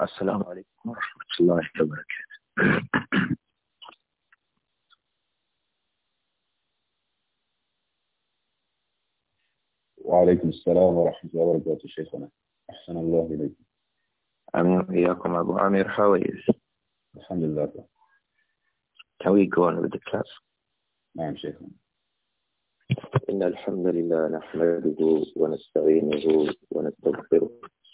السلام عليكم ورحمة الله وبركاته وعليكم السلام ورحمة الله وبركاته شيخنا أحسن الله إليكم أمين وإياكم أبو عمير حويز الحمد لله Can we go on with the class? نعم شيخنا إن الحمد لله نحمده ونستعينه ونستغفره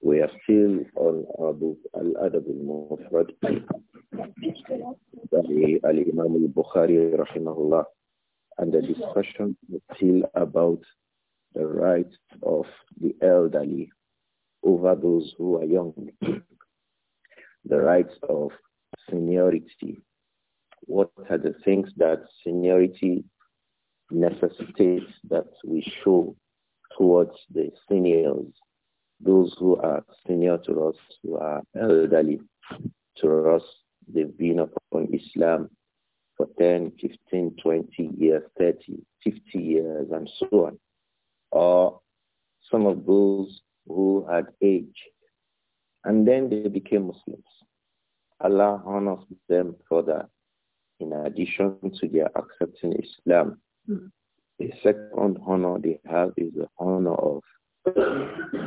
We are still on our book Al-Adab al-Mufrad by Al-Imam al-Bukhari rahimahullah and the discussion is still about the rights of the elderly over those who are young, the rights of seniority. What are the things that seniority necessitates that we show towards the seniors those who are senior to us, who are elderly to us, they've been upon Islam for 10, 15, 20 years, 30, 50 years, and so on. Or some of those who had aged. And then they became Muslims. Allah honors them for that, in addition to their accepting Islam. Mm -hmm. The second honor they have is the honor of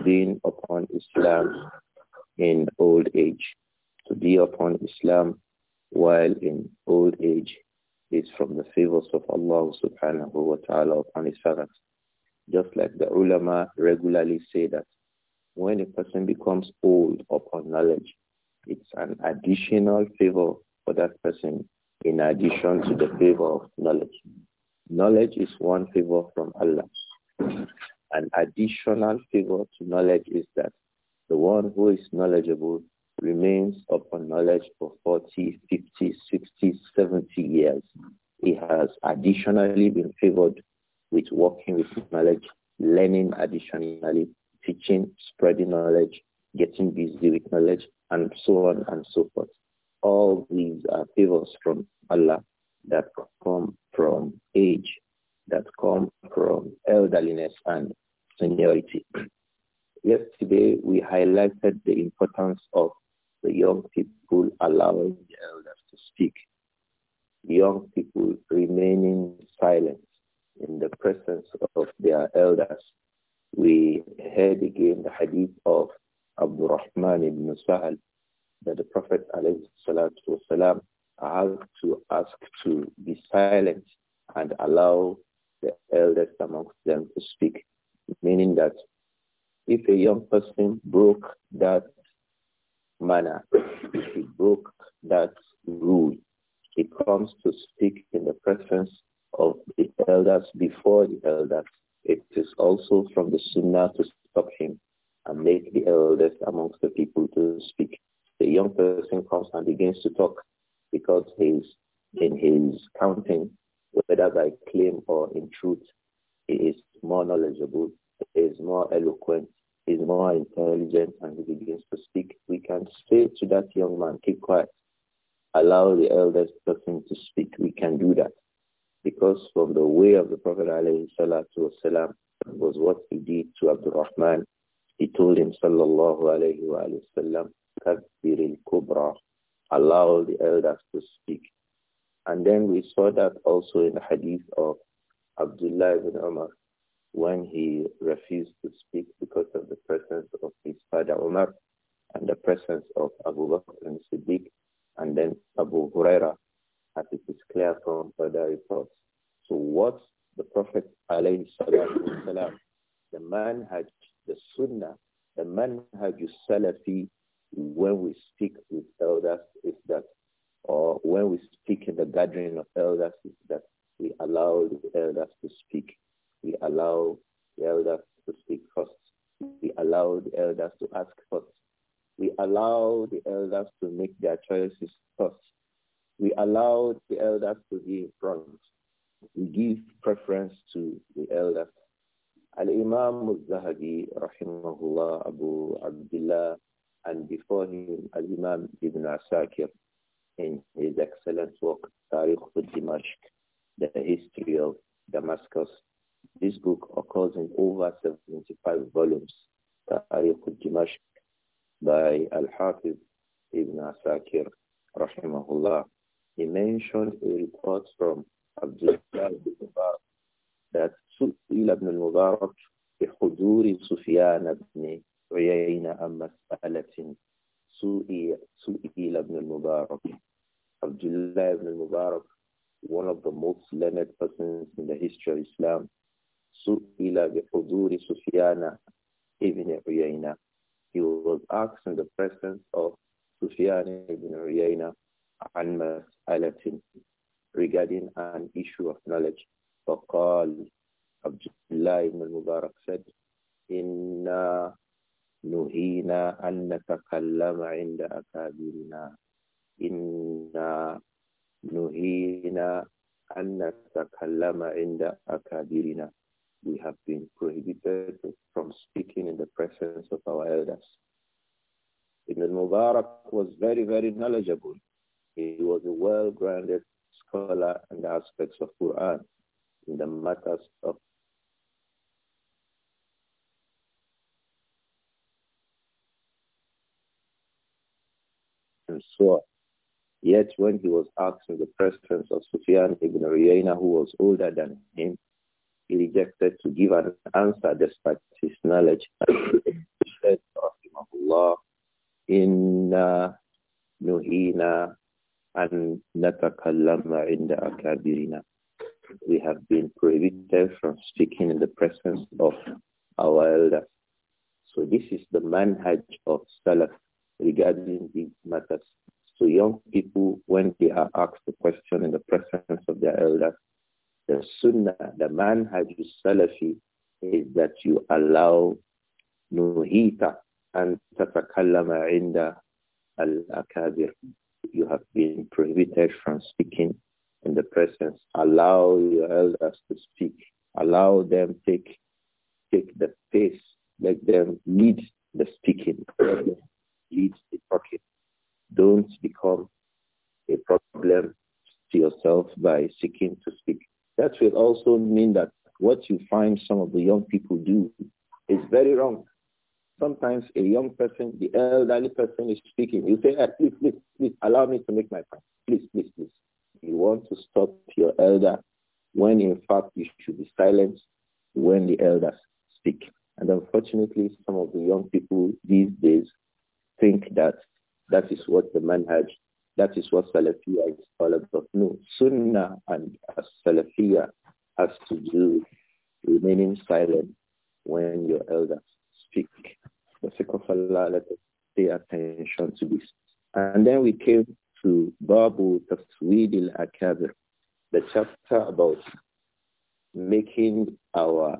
being upon Islam in old age. To be upon Islam while in old age is from the favors of Allah subhanahu wa ta'ala upon his servants. Just like the ulama regularly say that when a person becomes old upon knowledge, it's an additional favor for that person in addition to the favor of knowledge. Knowledge is one favor from Allah. An additional favor to knowledge is that the one who is knowledgeable remains upon knowledge for 40, 50, 60, 70 years. He has additionally been favored with working with knowledge, learning additionally, teaching, spreading knowledge, getting busy with knowledge, and so on and so forth. All these are favors from Allah that come from age, that come from elderliness and seniority. Yesterday, we highlighted the importance of the young people allowing the elders to speak. Young people remaining silent in the presence of their elders. We heard again the hadith of Abdullah Rahman ibn Sa'al that the Prophet والسلام, asked to ask to be silent and allow the elders amongst them to speak meaning that if a young person broke that manner, if he broke that rule, he comes to speak in the presence of the elders before the elders. It is also from the sunnah to stop him and make the elders amongst the people to speak. The young person comes and begins to talk because he's in his counting, whether by claim or in truth, is more knowledgeable, is more eloquent, is more intelligent, and he begins to speak, we can say to that young man, keep quiet. Allow the eldest person to speak. We can do that. Because from the way of the Prophet والسلام, was what he did to Abdurrahman. He told him, Sallallahu Alaihi Wasallam, Kabir al-Kubra, allow the elders to speak. And then we saw that also in the hadith of Abdullah ibn Umar when he refused to speak because of the presence of his father Umar and the presence of Abu Bakr and Siddiq and then Abu Huraira as it is clear from other reports. So what the Prophet alayhi salam, the had the sunnah, the man had manhaj salafi when we speak with elders is that or when we speak in the gathering of elders is elders to ask first. We allow the elders to make their choices first. We allow the elders to be in front. We give preference to the elders. Al-Imam al-Zahabi, rahimahullah, Abu Abdullah, and before him, Al-Imam Ibn Asakir, mentioned a report from Abdullah that Su'il ibn al-Mubarak بحضور سفيان بن عيينة عن مسألة سئل ابن المبارك ibn al-Mubarak one of the most learned persons in the history of Islam سئل بحضور سفيان very knowledgeable. He was a well-grounded scholar in the aspects of Quran, in the matters of and so Yet when he was asked in the presence of Sufyan ibn Uyayna, who was older than him, he rejected to give an answer despite his knowledge. he said, Inna نهينا أن نتكلم عند أكابرنا we have been prohibited from speaking in the presence of our elders. So this is the manhaj of Salaf regarding these matters. So young people, when they are asked a question in the presence of their elders, the sunnah, the manhaj Salafi is that you allow nuhita and tatakallama inda al-akabir. You have been prohibited from speaking in the presence. Allow your elders to speak. Allow them take take the pace. Let them lead the speaking. lead the talking. Don't become a problem to yourself by seeking to speak. That will also mean that what you find some of the young people do is very wrong. Sometimes a young person, the elderly person is speaking. You say, hey, ah, please, please, please, allow me to make my point. Please, please, please. You want to stop your elder when in fact you should be silent when the elders speak. And unfortunately, some of the young people these days think that that is what the manhaj, that is what Salafiyah is all about. No, Sunnah and Salafiyah has to do remaining silent when your elders speak the sake of Allah, let us pay attention to this. And then we came to Babu Tafsweed al-Akabir, the chapter about making our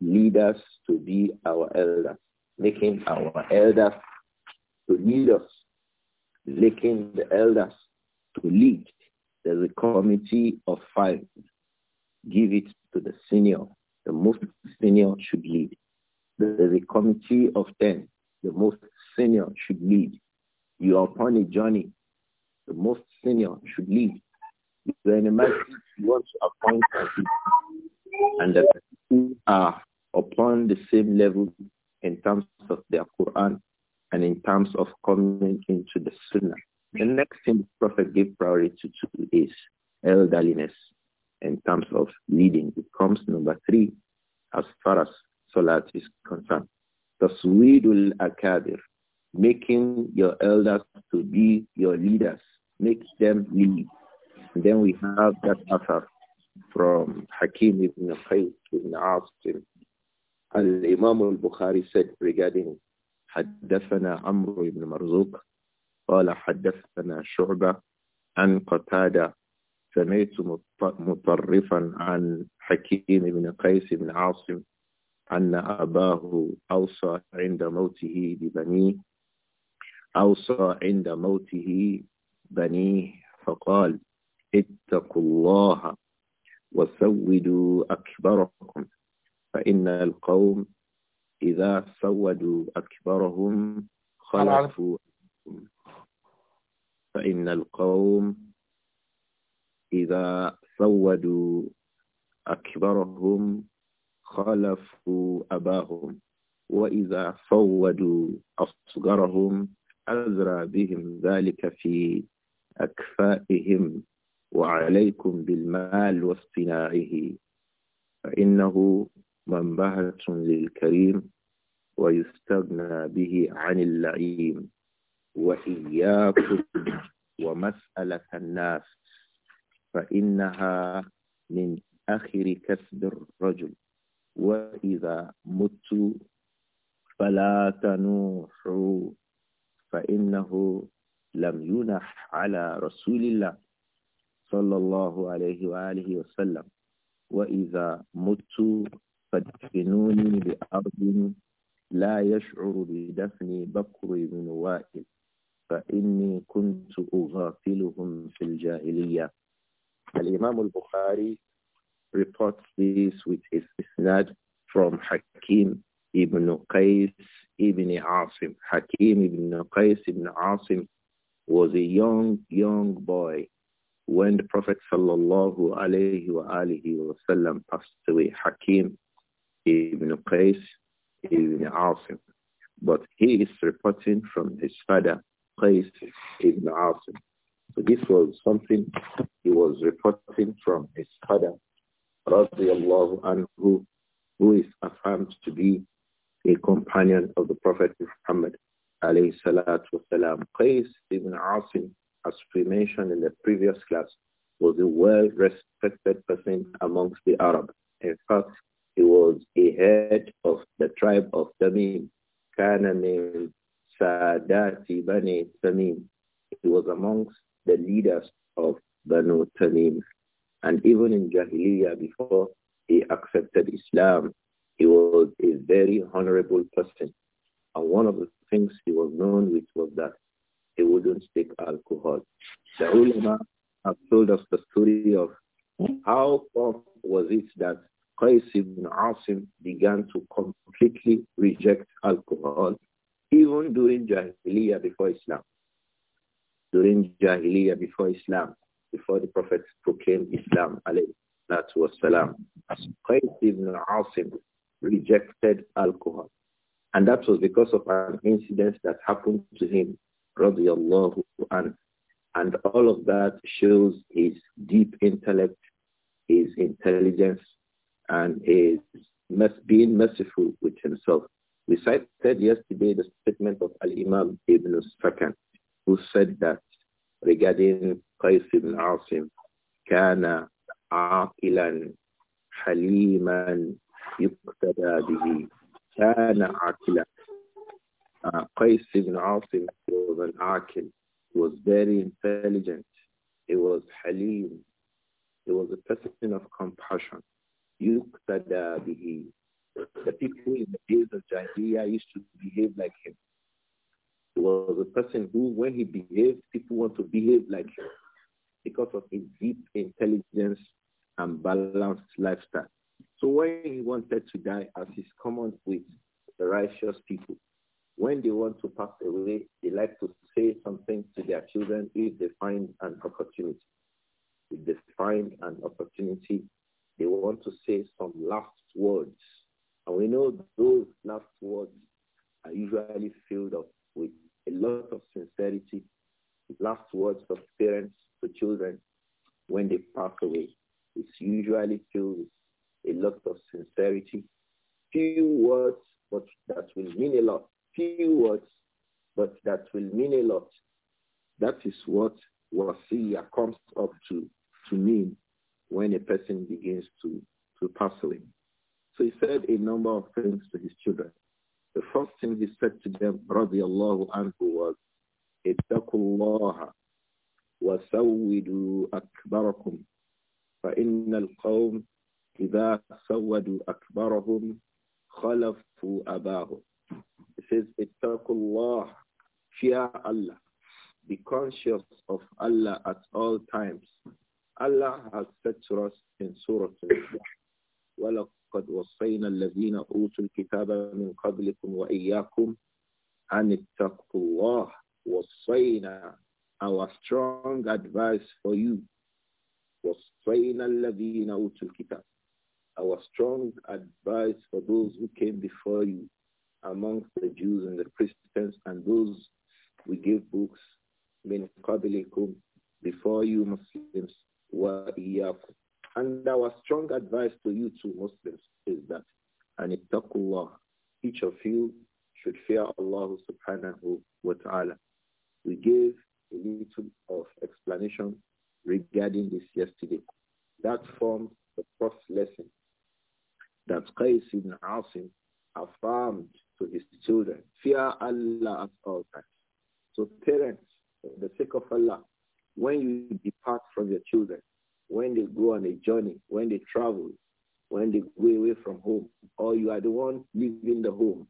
leaders to be our elders, making our elders to lead us, making the elders to lead. There's a committee of five. Give it to the senior. The most senior should lead. There's a committee of ten the most senior should lead. You are upon a journey. The most senior should lead. You're in a you want to appoint and the people are upon the same level in terms of their Quran and in terms of coming into the Sunnah. The next thing the Prophet gave priority to is elderliness in terms of leading. It comes number three as far as Salat is concerned. Taswidul Akabir, making your elders to be your leaders. Make them lead. And then we have that matter from Hakim ibn Khayt ibn Asim. Al-Imam al-Bukhari said regarding حدثنا عمرو بن مرزوق قال حدثنا شعبة عن قتادة سمعت مطرفا عن حكيم بن قيس بن عاصم أن أباه أوصى عند موته ببنيه أوصى عند موته بنيه فقال اتقوا الله وسودوا أكبركم فإن القوم إذا سودوا أكبرهم خلفوا فإن القوم إذا سودوا أكبرهم خالفوا أباهم وإذا فودوا أصغرهم أزرى بهم ذلك في أكفائهم وعليكم بالمال واصطناعه فإنه منبهة للكريم ويستغنى به عن اللعيم وإياكم ومسألة الناس فإنها من آخر كسب الرجل وإذا مت فلا تنوحوا فإنه لم ينح على رسول الله صلى الله عليه وآله وسلم وإذا مت فدفنوني بأرض لا يشعر بدفن بكر بن وائل فإني كنت أغافلهم في الجاهلية الإمام البخاري reports this with his isnad from Hakim ibn Qais ibn Asim. Hakim ibn Qais ibn Asim was a young, young boy when the Prophet sallallahu alayhi wa wasallam passed away. Hakim ibn Qais ibn Asim. But he is reporting from his father, Qais ibn Asim. So this was something he was reporting from his father, radiallahu anhu, who is affirmed to be a companion of the Prophet Muhammad alayhi salatu wasalam. Qais ibn Asim, as we mentioned in the previous class, was a well-respected person amongst the Arabs. In fact, he was a head of the tribe of Tamim. Kana min Sadati Bani Tamim. He was amongst the leaders of Banu Tamim. And even in Jahiliyyah, before he accepted Islam, he was a very honorable person. And one of the things he was known with was that he wouldn't take alcohol. The ulama have told us the story of how was it that Qais ibn Asim began to completely reject alcohol even during Jahiliyyah before Islam. During Jahiliyyah before Islam, before the Prophet proclaimed Islam, والسلام, Qais ibn Asim rejected alcohol. And that was because of an incident that happened to him, radiallahu anhu. And all of that shows his deep intellect, his intelligence, and his being merciful with himself. We cited yesterday the statement of Al-Imam Ibn Sakan, who said that regarding Qais ibn Asim, كان عاقلا حليما يقتدى به كان عاقلا Qais ibn Asim was an He was very intelligent, he was halim, he was a person of compassion. يقتدى به The people in the days of Jahiliyyah used to behave like him was a person who, when he behaved, people want to behave like him because of his deep intelligence and balanced lifestyle. So when he wanted to die, as is common with the righteous people, when they want to pass away, they like to say something to their children if they find an opportunity. If they find an opportunity, they want to say some last words. And we know those last words are usually filled up with a lot of sincerity, last words of parents to children when they pass away. It's usually filled with a lot of sincerity. Few words, but that will mean a lot. Few words, but that will mean a lot. That is what wasiya comes up to, to mean when a person begins to, to pass away. So he said a number of things to his children. The first thing he said to them, radiallahu anhu, was, اتقوا الله وسودوا أكبركم فإن القوم إذا سودوا أكبرهم خلفوا أباهم. He says, اتقوا الله, fear Allah. Be conscious of Allah at all times. Allah has said to us in Surah al قد وصينا الذين أوتوا الكتاب من قبلكم وإياكم أن اتقوا الله وصينا our strong advice for you وصينا الذين أوتوا الكتاب our strong advice for those who came before you amongst the Jews and the Christians and those we gave books من قبلكم before you Muslims وإياكم and our strong advice to you two Muslims is that, and Allah, each of you should fear Allah subhanahu wa ta'ala. We gave a little of explanation regarding this yesterday. That forms the first lesson that Qais ibn Asim affirmed to his children, fear Allah at all times. So parents, for the sake of Allah, when you depart from your children, when they go on a journey, when they travel, when they go away from home, or you are the one leaving the home.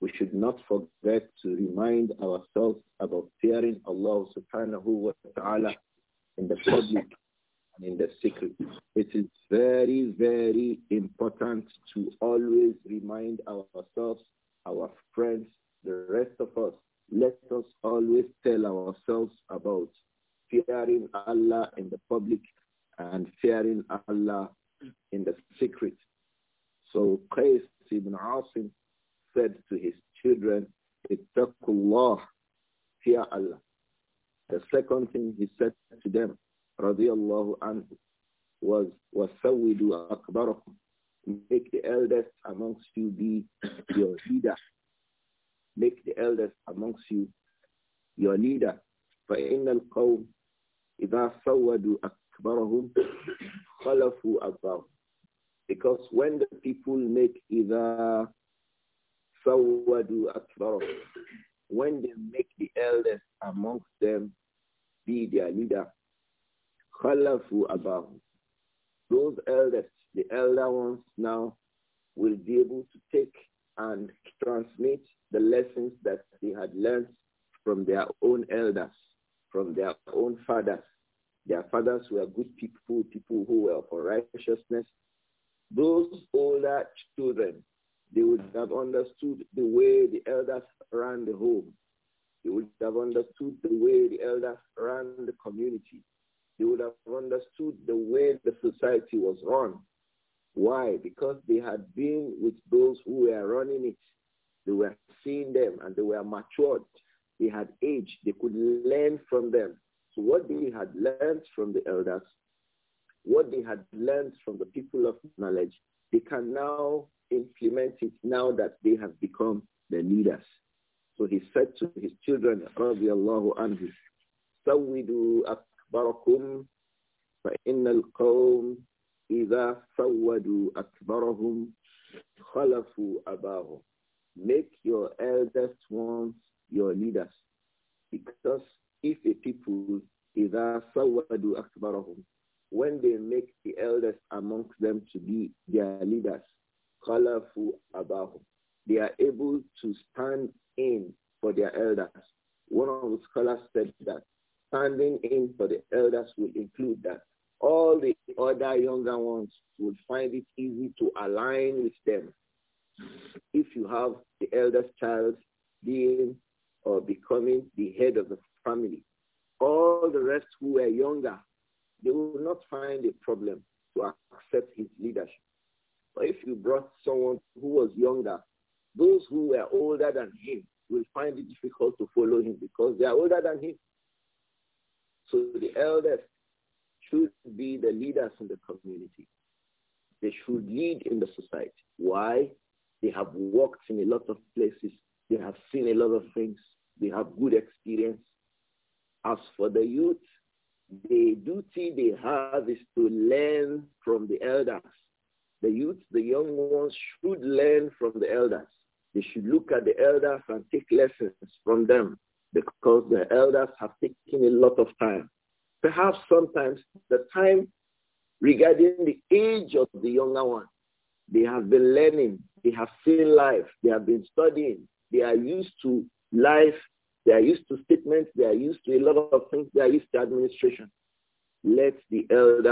We should not forget to remind ourselves about fearing Allah subhanahu wa ta'ala in the public and in the secret. It is very, very important they are able to stand in for their elders. One of the scholars said that standing in for the elders will include that all the other younger ones will find it easy to align with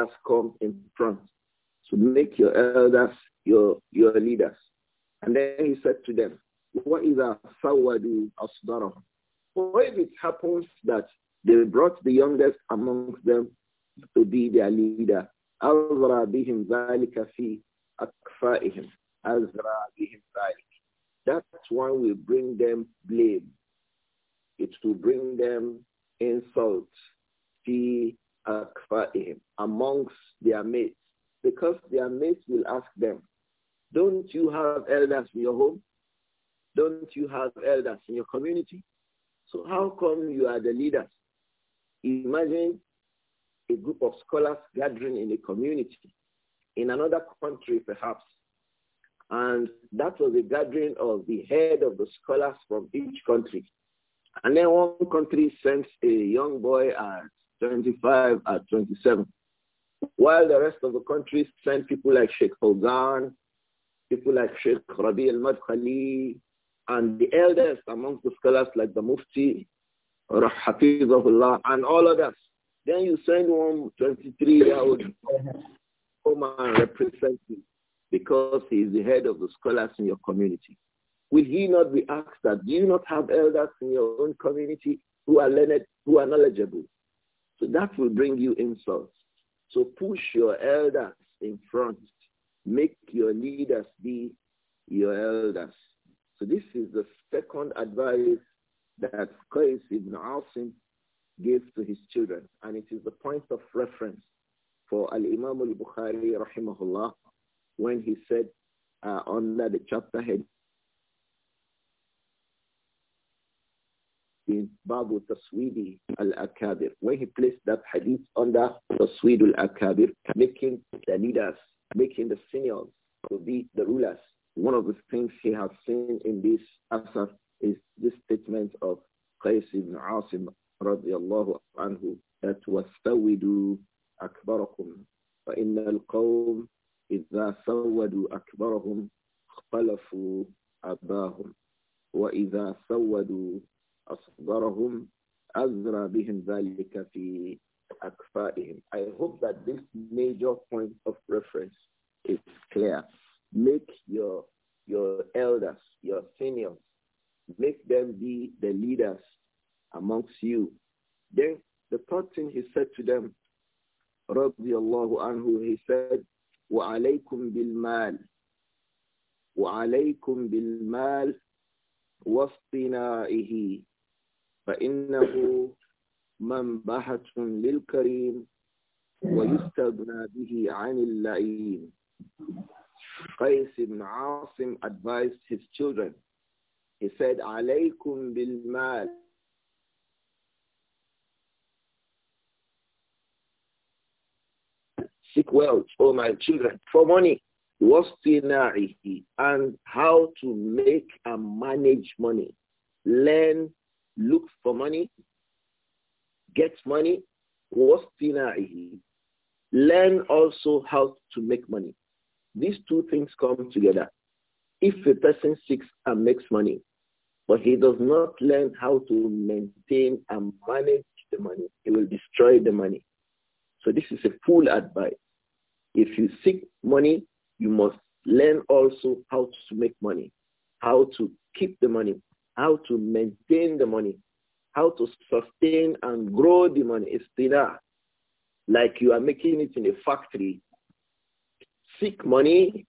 elders come in front. to make your elders your, your leaders. And then he said to them, what is a sawadu asdarah? What if it happens that they brought the youngest amongst them to be their leader? Azra bihim dhalika fi akfaihim. Azra bihim dhalik. That one will bring them blame. It will bring them insult. Fi akfa'ihim, amongst their mates, because their mates will ask them, don't you have elders in your home? Don't you have elders in your community? So how come you are the leaders? Imagine a group of scholars gathering in a community, in another country perhaps, and that was a gathering of the head of the scholars from each country. And then one country sends a young boy as 25 at 27. While the rest of the country sent people like Sheikh Hogan, people like Sheikh Rabi al-Madkhali, and the elders amongst the scholars like the Mufti, of Allah, and all others. Then you send one 23-year-old home and represent him because he is the head of the scholars in your community. Will he not be asked that, do you not have elders in your own community who are learned, who are knowledgeable? So that will bring you insults. So push your elders in front. Make your leaders be your elders. So this is the second advice that Qais ibn Asim gave to his children. And it is the point of reference for Al-Imam al-Bukhari rahimahullah when he said uh, under the chapter head in Babu Taswidi al-Akabir, when he placed that hadith under Taswid al-Akabir, making the leaders, making the seniors to be the rulers. One of the things he has seen in this asar is this statement of Qais ibn Asim radiallahu anhu that وَاسْتَوِدُوا أَكْبَرَكُمْ فَإِنَّ الْقَوْمِ sawadu سَوَّدُوا khalafu abahum, أَبَاهُمْ وَإِذَا sawadu أصغرهم أزرى بهم ذلك في أكفائهم I hope that this major point of reference is clear. Make your your elders, your seniors, make them be the leaders amongst you. Then the third thing he said to them, رضي الله عنه, he said, وعليكم بالمال وعليكم بالمال واصطنائه فإنه منبحة للكريم ويستغنى به عن اللئيم s t i n a r i t y a n d h ibn Asim advised his children. He said, Alaykum bil mal. Seek wealth, O my children, for money. And how to make and manage money. Learn look for money, get money, وَاسْتِنَاعِهِ Learn also how to make money. These two things come together. If a person seeks and makes money, but he does not learn how to maintain and manage the money, he will destroy the money. So this is a full advice. If you seek money, you must learn also how to make money, how to keep the money, how to maintain the money, how to sustain and grow the money. It's dinar. Like you are making it in a factory. Seek money.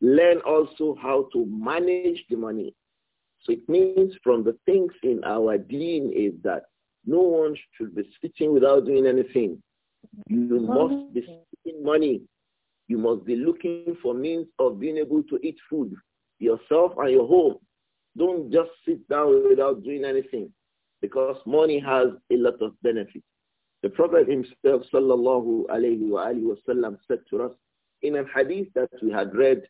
Learn also how to manage the money. So it means from the things in our deen is that no one should be sitting without doing anything. You must be seeking money. You must be looking for means of being able to eat food, yourself and your home. Don't just sit down without doing anything because money has a lot of benefits. The Prophet himself, sallallahu alayhi wa alayhi wa sallam, said to us in a hadith that we had read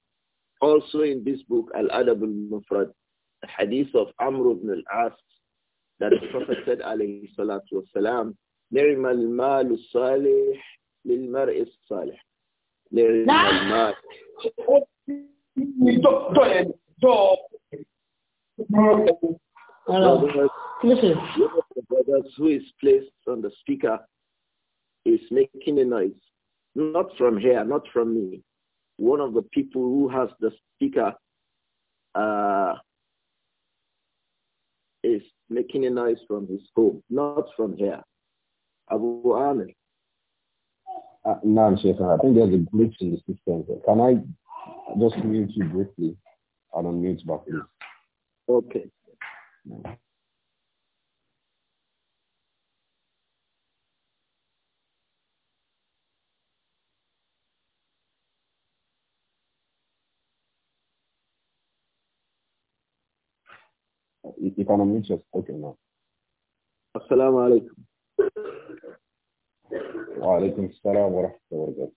also in this book, Al-Adab al-Mufrad, the hadith of Amr ibn al-As, that the Prophet said, alayhi salatu salam, نعم المال الصالح للمرء الصالح نعم المال Hello. Listen. Brothers who is placed on the speaker is making a noise. Not from here, not from me. One of the people who has the speaker uh, is making a noise from his home, not from here. Abu Amir. Uh, no, sir. I think there's a glitch in the system. Can I just mute you briefly and unmute back, please? Okay. I can unmute yourself. Okay, now. Assalamu alaikum. Wa alaikum assalam wa rahmatullahi wa barakatuh.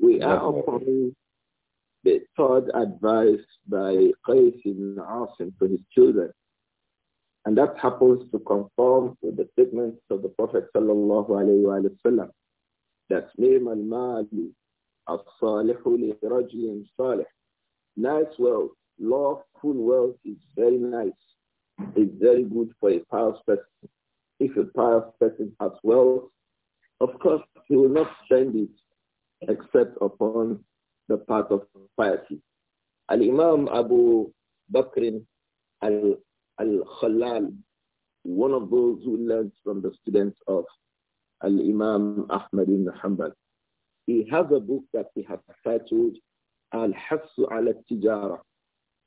We are upon the third advice by Qais ibn Asim to his children. And that happens to conform with the statements of the Prophet sallallahu alayhi wa sallam that name al-mali as-salihu li salih. Nice wealth, lawful wealth is very nice. It's very good for a pious person. If a pious person has wealth, of course he will not spend it except upon the path of piety. Al-Imam Abu Bakr al-Khalal, one of those who learned from the students of Al-Imam Ahmad ibn Hanbal. He has a book that he has titled Al-Hafsu al tijara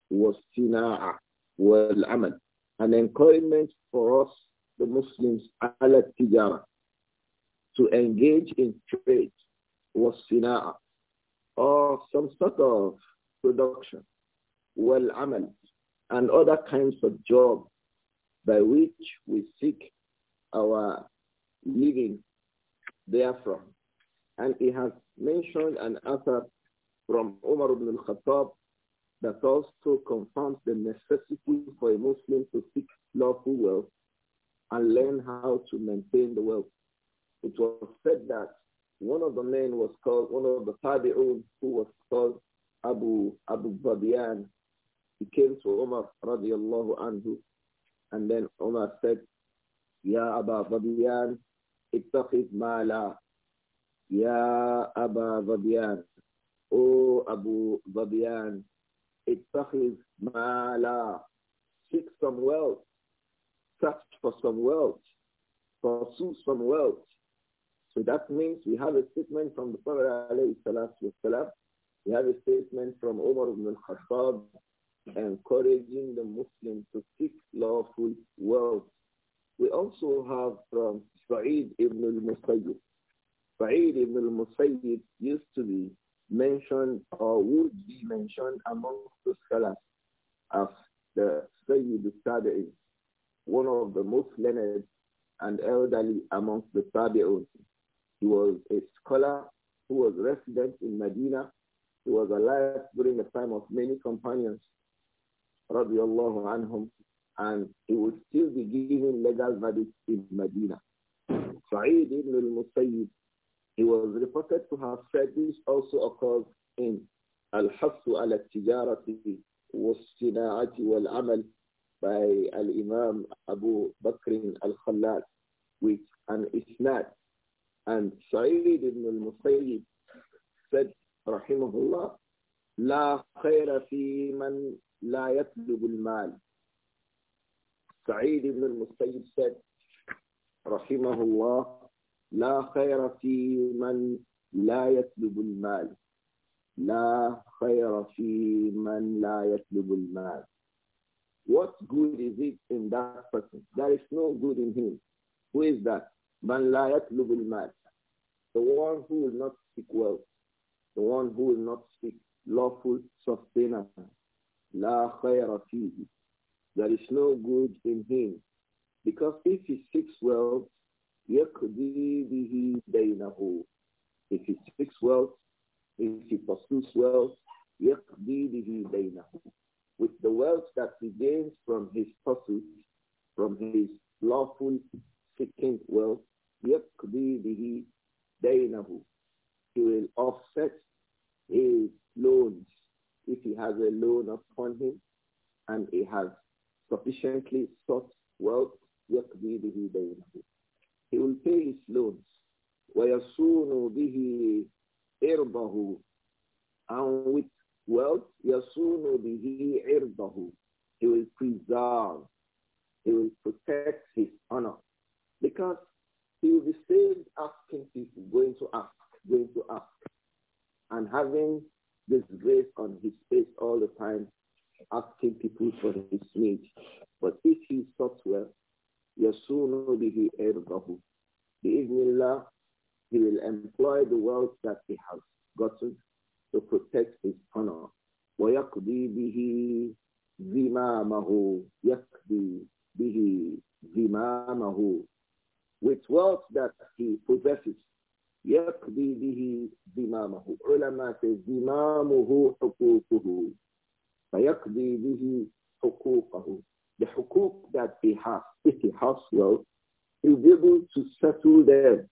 wa sina'a al amal. An encouragement for us, the Muslims, al tijara, to engage in trade was sina'a or some sort of production, well amal, and other kinds of jobs by which we seek our living therefrom. And he has mentioned an answer from Umar ibn al-Khattab that also confirms the necessity for a Muslim to seek lawful wealth and learn how to maintain the wealth. It was said that one of the men was called, one of the Tabi'un who was called Abu Abu Babian. He came to Umar radiallahu anhu and then Umar said, Ya Aba Babian, ittaqid mala. Ya Aba Babian, O Abu Babian, ittaqid mala. Seek some wealth. Search for some wealth. Pursue some wealth. So that means we have a statement from the Prophet والسلام, we have a statement from Omar ibn al-Khattab encouraging the Muslims to seek lawful wealth. We also have from Sa'id ibn al-Musayyib. Sa'id ibn al-Musayyib used to be mentioned or would be mentioned among the scholars as the Sayyid al-Tabi'in, one of the most learned and elderly amongst the Tabi'un. He was a scholar who was resident in Medina. He was alive during the time of many companions, radiallahu anhum, and he would still be giving legal verdicts in Medina. Sa'id ibn al-Musayyib, he was reported to have said this also occurred in al-Hass الحث على التجارة والصناعة والعمل by Al-Imam Abu Bakr Al-Khallat with an isnad And Sa'id ibn al musayyid said, rahimahullah, لا خير في من لا يطلب المال. Sa'id ibn al musayyid said, rahimahullah, لا خير في من لا يطلب المال. لا خير في من لا يطلب المال. What good is it in that person? There is no good in him. Who is that? Man la yatlubul mal. The one who will not seek wealth. The one who will not seek lawful sustainer. La khayra fihi. There is no good in him. Because if he seeks wealth, yakdi bihi daynahu. If he seeks wealth, if he pursues wealth, yakdi bihi daynahu. With the wealth that he gains from his pursuit, from his lawful seeking wealth, he will offset his loans if he has a loan upon him and he has sufficiently sought wealth يقضي he will pay his loans ويصون به عرضه and with wealth يصون به عرضه he will preserve he will protect his honor because he will be saved asking people, going to ask, going to ask, and having this grace on his face all the time, asking people for his needs. But if he stops well, Yasunu bihi erbahu. Biiznillah, he will employ the wealth that he has gotten to protect his honor. وَيَقْضِي بِهِ ذِمَامَهُ يَقْضِي بِهِ Mahu, with wealth that he possesses. يقضي به ذمامه علماء ذمامه حقوقه فيقضي به حقوقه the حقوق that he has if he has wealth he'll be able to settle them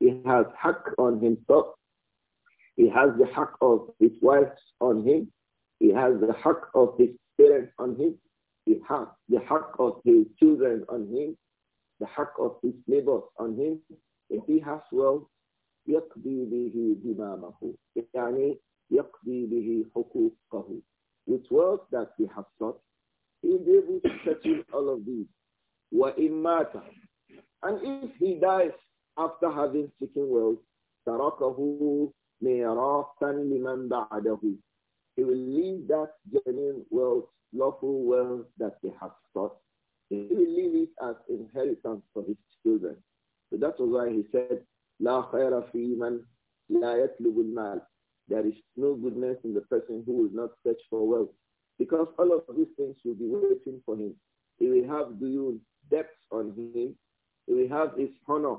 he has haq on himself he has the haq of his wife on him he has the haq of his parents on him he has the haq of his children on him the haqq of his neighbors on him. If he has wealth, يقضي به دمامه يعني يقضي به حقوقه with wealth that he has sought he will be able to settle all of these وإن مات and if he dies after having seeking wealth تركه ميراثا لمن بعده he will leave that genuine wealth lawful wealth that he has sought he will leave it as inheritance for his children. So that was why he said, "La khaira fi من la يطلب mal." There is no goodness in the person who will not search for wealth. Because all of these things will be waiting for him. He will have due debts on him. He will have his honor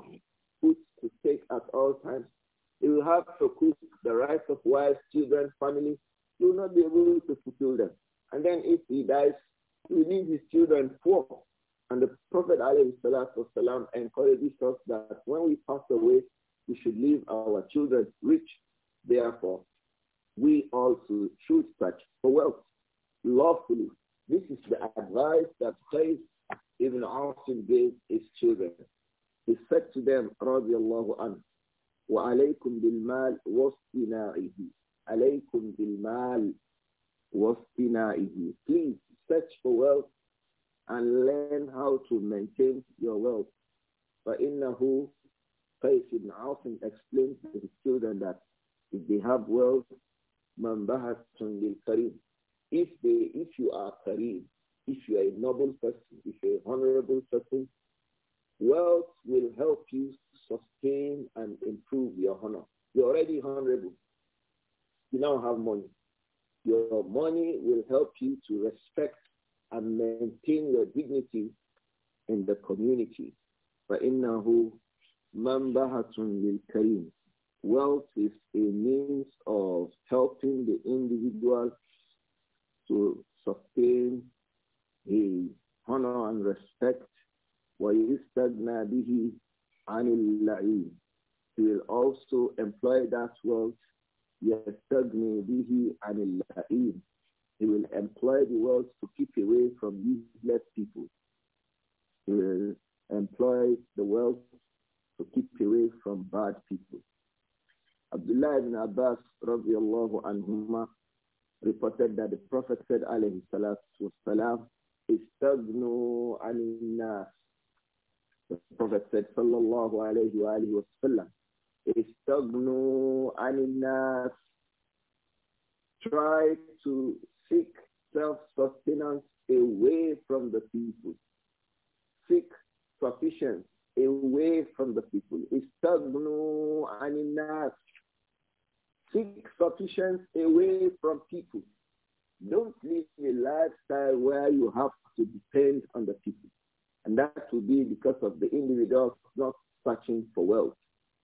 put to stake at all times. He will have to cook the rights of wives, children, family. He will not be able to fulfill them. And then if he dies, we lead his children poor. And the Prophet والسلام, encourages us that when we pass away, we should leave our children rich. Therefore, we also should search for wealth lawfully. This is the advice that Qais Ibn Asim gave his children. He said to them, رضي الله وعليكم بالمال واصطناعه. عليكم بالمال وَاسْتِنَائِهِ Please search for wealth and learn how to maintain your wealth. But in the house and explains to the children that if they have wealth, مَنْ بَهَتٌ لِلْكَرِيمِ If they, if you are Kareem, if you are a noble person, if you're a honorable person, wealth will help you sustain and improve your honor. You're already honorable. You now have money. Your money will help you to respect and maintain your dignity in the community. فَإِنَّهُ مَنْبَهَةٌ لِلْكَرِيمِ Wealth is a means of helping the individual to sustain his honor and respect. وَيُسْتَغْنَى بِهِ عَنِ اللَّعِينِ He will also employ that wealth he will employ the wealth to keep away from useless people. He will employ the wealth to keep away from bad people. Abdullah ibn Abbas radiallahu anhuma reported that the Prophet said alayhi salatu wasalam, istagnu alinnas. The Prophet said sallallahu alayhi wa alayhi wasallam, Istagnu aninas. Try to seek self-sustenance away from the people. Seek sufficiency away from the people. Istagnu aninas. Seek sufficiency away from people. Don't live a lifestyle where you have to depend on the people. And that will be because of the individual not searching for wealth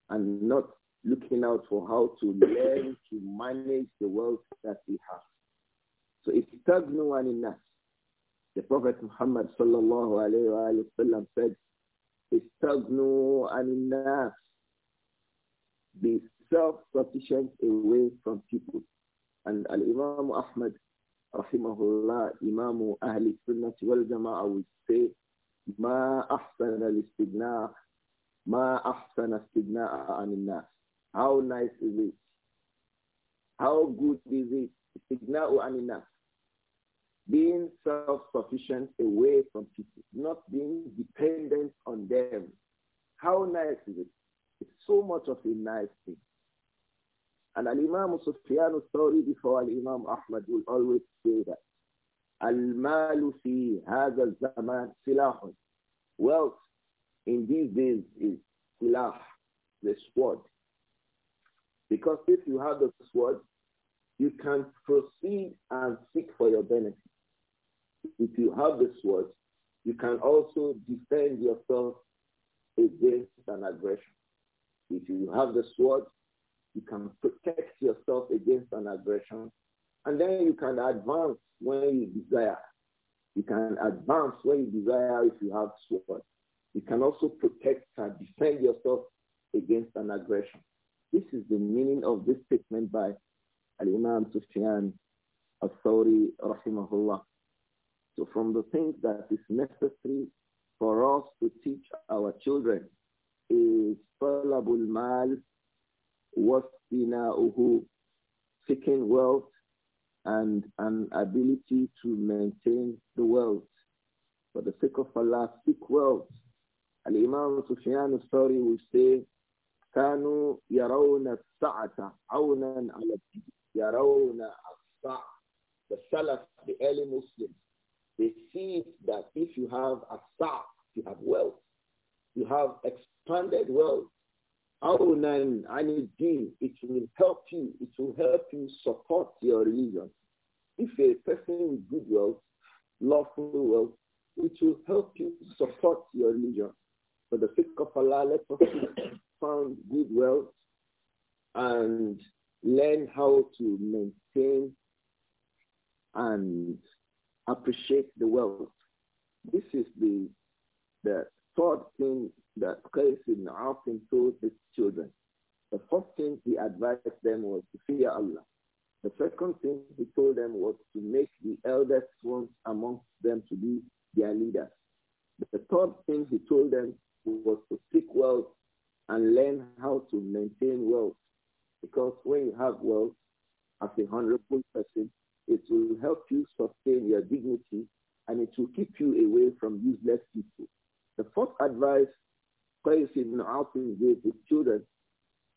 and not looking out for how to learn to manage the wealth that we have. So if you no one in us, the Prophet Muhammad sallallahu alayhi wa sallam said, Istagnu anin nas. Be self-sufficient away from people. And Al-Imam Ahmad, rahimahullah, Imam Ahli Sunnah wal Jama'ah would say, ما أحسن الاستغناء Ma ahsana How nice is it? How good is it? Istighna'u anin Being self-sufficient away from people, not being dependent on them. How nice is it? It's so much of a nice thing. And Al-Imam Sufyan story before Al-Imam Ahmad will always say that. Al-malu fi hadha zaman silahun. Wealth in these days is khilaf, the sword. Because if you have the sword, you can proceed and seek for your benefit. If you have the sword, you can also defend yourself against an aggression. If you have the sword, you can protect yourself against an aggression. And then you can advance when you desire. You can advance when you desire if you have sword. You can also protect and defend yourself against an aggression. This is the meaning of this statement by Al-Imam Sufyan al-Thawri rahimahullah. So from the things that is necessary for us to teach our children is talabul mal wasbina'uhu, seeking wealth and an ability to maintain the wealth. For the sake of Allah, seek wealth الإمام سفيان Sufyan al كانوا يرون الساعة عونا على الدين يرون الساعة the Salaf, the early Muslims, they see that if you have a sa, you have wealth, you have expanded wealth, awnan anidin, it will help you, it will help you support your religion. If a person with good wealth, lawful wealth, it will help you support your religion. For the sake of Allah, let us found good wealth and learn how to maintain and appreciate the wealth. This is the the third thing that Qais told his children. The first thing he advised them was to fear Allah. The second thing he told them was to make the eldest ones amongst them to be their leaders. The third thing he told them was to seek wealth and learn how to maintain wealth. Because when you have wealth as a honorable person, it will help you sustain your dignity and it will keep you away from useless people. The fourth advice Qais ibn Asim gave his children,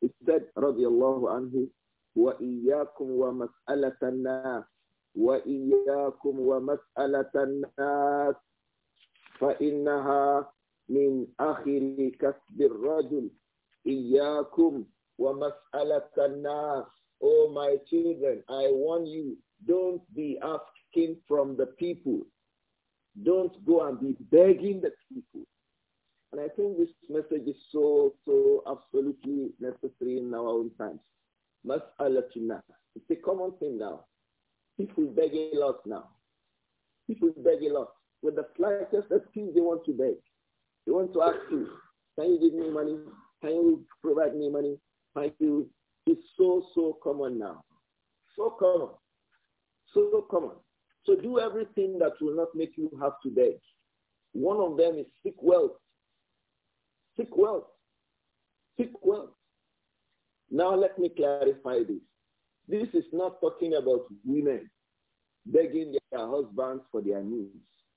he said, radiallahu anhu, وَإِيَّاكُمْ وَمَسْأَلَةَ النَّاسِ وَإِيَّاكُمْ وَمَسْأَلَةَ النَّاسِ فَإِنَّهَا من آخر كسب الرجل إياكم الناس Oh my children, I warn you, don't be asking from the people. Don't go and be begging the people. And I think this message is so, so absolutely necessary in our own times. Mas'ala It's a common thing now. People beg a lot now. People beg a lot. With the slightest excuse, they want to beg. They want to ask you, can you give me money? Can you provide me money? Thank you. It's so, so common now. So common. So, so common. So do everything that will not make you have to beg. One of them is seek wealth. Seek wealth. Seek wealth. Now let me clarify this. This is not talking about women begging their husbands for their needs,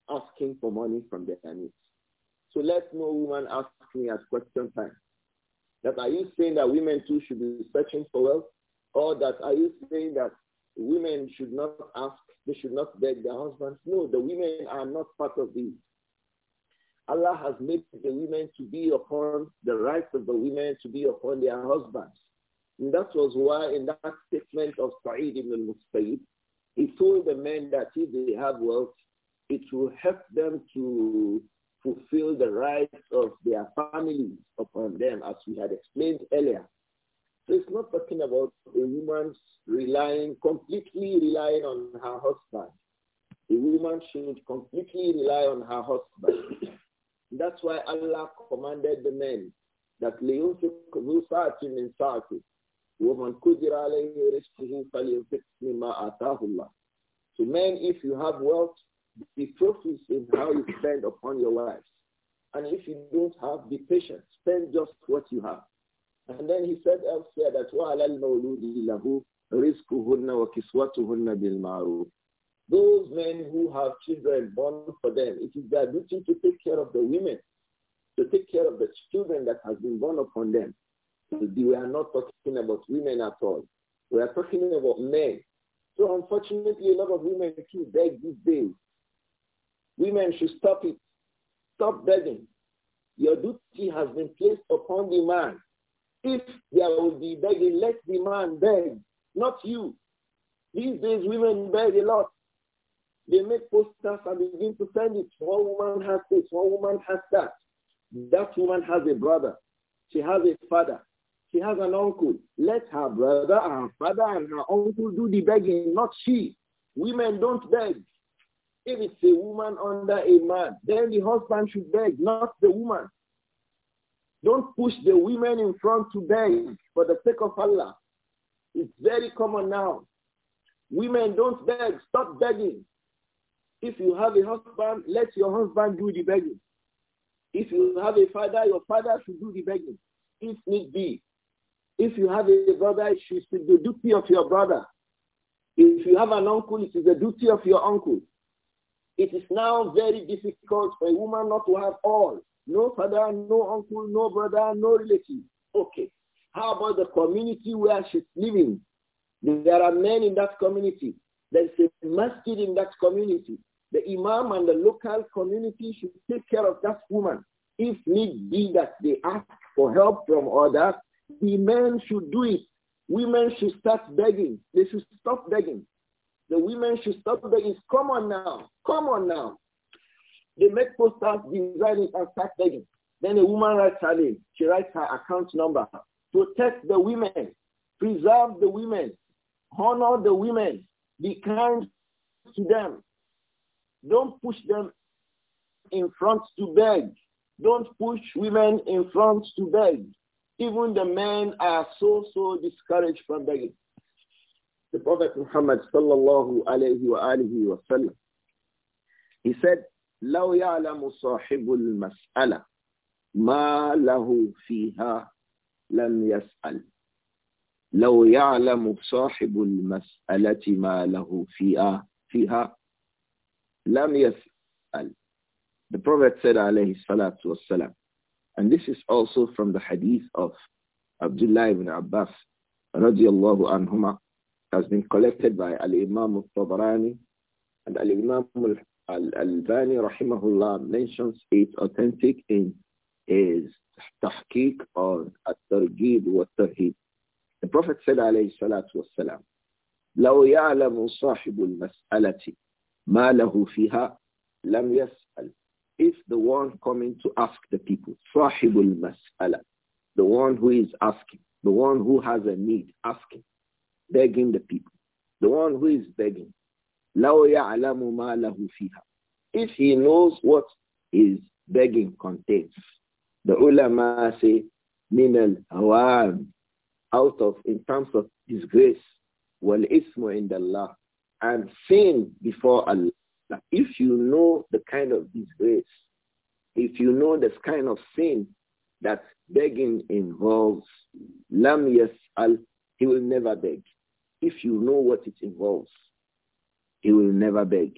asking for money from their needs. So let no woman ask me at question time that are you saying that women too should be searching for wealth? Or that are you saying that women should not ask, they should not beg their husbands? No, the women are not part of this. Allah has made the women to be upon the rights of the women to be upon their husbands. And that was why in that statement of Sa'id ibn al-Musayyib, he told the men that if they have wealth, it will help them to fulfill the rights of their families upon them, as we had explained earlier. So it's not talking about a woman relying, completely relying on her husband. A woman should completely rely on her husband. That's why Allah commanded the men that لينفقوا Woman من ساعته ومن قدر So men, if you have wealth, be profuse in how you spend upon your lives, And if you don't have, be patient. Spend just what you have. And then he said elsewhere that Those men who have children born for them, it is their duty to take care of the women, to take care of the children that has been born upon them. We are not talking about women at all. We are talking about men. So unfortunately, a lot of women too beg these days Women should stop it. Stop begging. Your duty has been placed upon the man. If there will be begging, let the man beg, not you. These days women beg a lot. They make posters and begin to send it. One woman has this, one woman has that. That woman has a brother. She has a father. She has an uncle. Let her brother and her father and her uncle do the begging, not she. Women don't beg. If it's a woman under a man, then the husband should beg, not the woman. Don't push the women in front to beg for the sake of Allah. It's very common now. Women don't beg. Stop begging. If you have a husband, let your husband do the begging. If you have a father, your father should do the begging, if need be. If you have a brother, it should be the duty of your brother. If you have an uncle, it is the duty of your uncle. It is now very difficult for a woman not to have all. No father, no uncle, no brother, no relative. Okay. How about the community where she's living? There are men in that community. There's a masjid in that community. The imam and the local community should take care of that woman. If need be that they ask for help from others, the men should do it. Women should start begging. They should stop begging. The women should stop begging. Come on now. Come on now. They make posters, design it, and start begging. Then a woman writes her name. She writes her account number. Protect the women. Preserve the women. Honor the women. Be kind to them. Don't push them in front to beg. Don't push women in front to beg. Even the men are so, so discouraged from begging. The Prophet Muhammad sallallahu alayhi wa alihi wa sallam, He said, لو يعلم صاحب المسألة ما له فيها لم يسأل لو يعلم صاحب المسألة ما له فيها فيها لم يسأل The Prophet said عليه الصلاة والسلام And this is also from the hadith of Abdullah ibn Abbas الله عنهما has been collected by Al-Imam al-Tabarani and Al-Imam Al-Albani rahimahullah mentions it authentic in his tahqiq on at-targhib wa tarhib. The Prophet said alayhi salatu wassalam, لو يعلم صاحب المسألة ما له فيها لم يسأل. If the one coming to ask the people, صاحب المسألة, the one who is asking, the one who has a need, asking, begging the people, the one who is begging, if he knows what his begging contains. The ulama say, مِنَ الْهَوَانِ Out of, in terms of disgrace, وَالْإِثْمُ in Allah And sin before Allah. If you know the kind of disgrace, if you know this kind of sin that begging involves, lam al, he will never beg. If you know what it involves. He will never beg.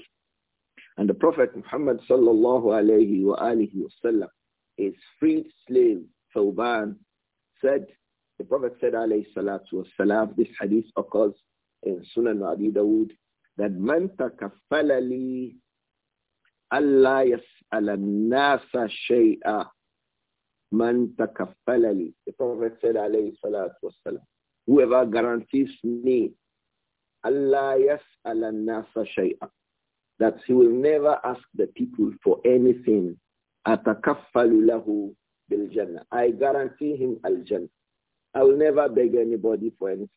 And the Prophet Muhammad sallallahu alayhi wa alihi wasallam, his freed slave Thawban said, the Prophet said alayhi salatu wasalam, this hadith occurs in Sunan Abi Dawood that man takaffala li alla yas'ala nasa shay'a man takaffala li. The Prophet said alayhi salatu wasalam, whoever guarantees me Allah alanasa shay'a. That he will never ask the people for anything. Atakaffalu lahu bil I guarantee him al-jannah. I will never beg anybody for anything.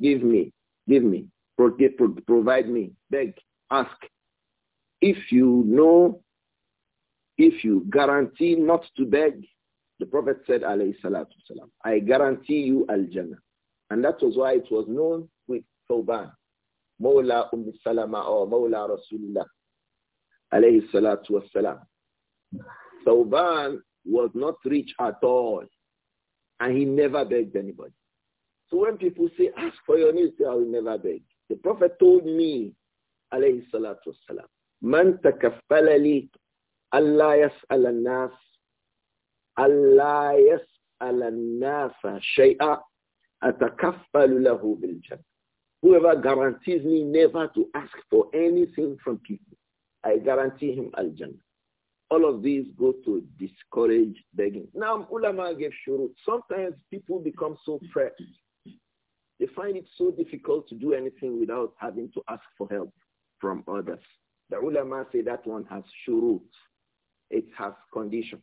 Give me, give me, provide me, beg, ask. If you know, if you guarantee not to beg, the Prophet said, alayhi salatu salam, I guarantee you al-jannah. And that was why it was known with Thawban. Mawla Umm Salama or Mawla Rasulullah عليه salatu wassalam. was not rich at all and he never begged anybody. So when people say, ask for your needs, I will never beg. The Prophet told me, عليه salatu wassalam, man takaffala li alla yas'al al-nas alla yas'al al-nas shay'a Whoever guarantees me never to ask for anything from people, I guarantee him al-Jannah. All of these go to discourage begging. Now, ulama gave shurut. Sometimes people become so pressed. They find it so difficult to do anything without having to ask for help from others. The ulama say that one has shurut. It has condition.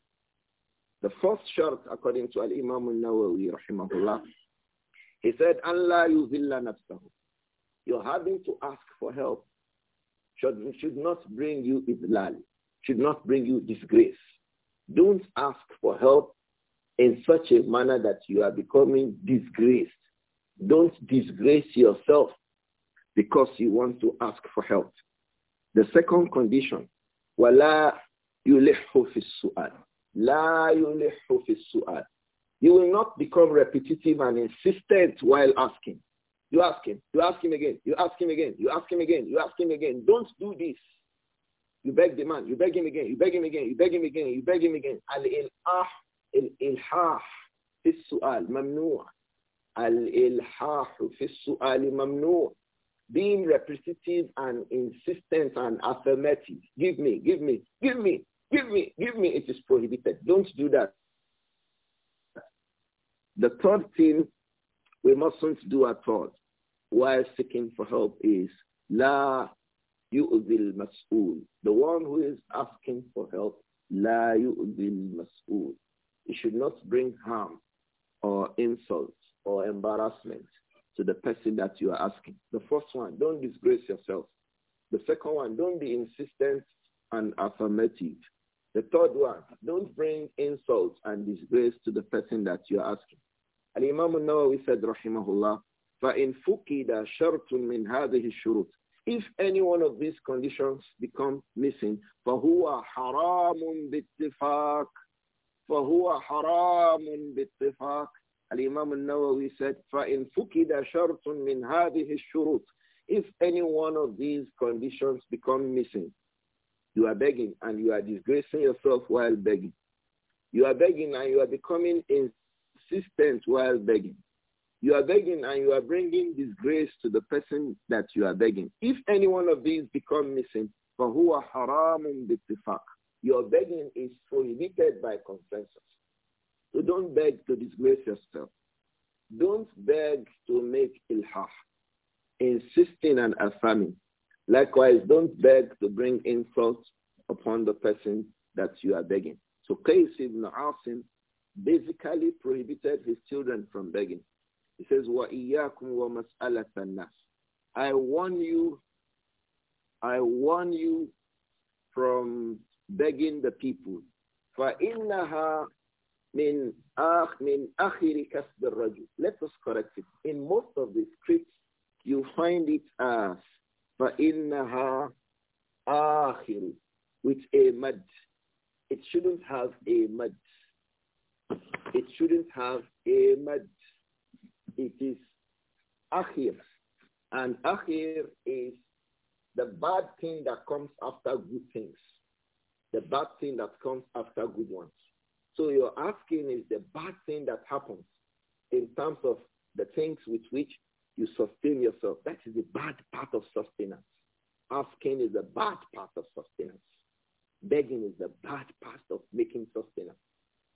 The first shart, according to Al-Imam al-Nawawi, rahimahullah, he said, أَنْ لَا يُذِلَّ you're having to ask for help should, should not bring you Islam should not bring you disgrace. Don't ask for help in such a manner that you are becoming disgraced. Don't disgrace yourself because you want to ask for help. The second condition, وَلَا يُلِحُّ suad, السُّؤَالِ لَا يُلِحُّ فِي السُّؤَالِ You will not become repetitive and insistent while asking. You ask him. You ask him again. You ask him again. You ask him again. You ask him again. Don't do this. You beg the man. You beg him again. You beg him again. You beg him again. You beg him again. Al-ilhah. Al-ilhah. في sual ممنوع. Al-ilhah. في sual ممنوع. Being repetitive and insistent and affirmative. Give me. Give me. Give me. Give me. Give me. It is prohibited. Don't do that. The third thing we mustn't do at all while seeking for help is La yu'zil mas'ul. The one who is asking for help, La yu'zil mas'ul. It should not bring harm or insult or embarrassment to the person that you are asking. The first one, don't disgrace yourself. The second one, don't be insistent and affirmative. The third one, don't bring insults and disgrace to the person that you're asking. Al-Imam al-Nawawi said, فَإِنْ فُكِدَ شَرْطٌ مِنْ هَذِهِ الشُّرُوطِ If any one of these conditions become missing, فَهُوَ حَرَامٌ بِاتِّفَاقٍ فَهُوَ حَرَامٌ بِاتِّفَاقٍ Al-Imam al-Nawawi said, فَإِنْ فُكِدَ شَرْطٌ مِنْ هَذِهِ الشُّرُوطِ If any one of these conditions become missing, you are begging and you are disgracing yourself while begging. You are begging and you are becoming persistent while begging. You are begging and you are bringing disgrace to the person that you are begging. If any one of these become missing, فَهُوَ حَرَامٌ بِاتِّفَاقٍ Your begging is prohibited by consensus. So don't beg to disgrace yourself. Don't beg to make ilhah, insisting and affirming. Likewise, don't beg to bring insults upon the person that you are begging. So Qais ibn Asim basically prohibited his children from begging. He says, "Wa وَإِيَّاكُمْ وَمَسْأَلَةَ النَّاسِ I warn you, I warn you from begging the people. فَإِنَّهَا مِنْ min مِنْ أَخِرِ كَسْبِ الرَّجُلِ Let us correct it. In most of the scripts, you find it as innaha akhir, with a mud. It shouldn't have a mud it shouldn't have a mad. It is akhir. And akhir is the bad thing that comes after good things. The bad thing that comes after good ones. So you're asking is the bad thing that happens in terms of the things with which you sustain yourself. That is the bad part of sustenance. Asking is the bad part of sustenance. Begging is the bad part of making sustenance.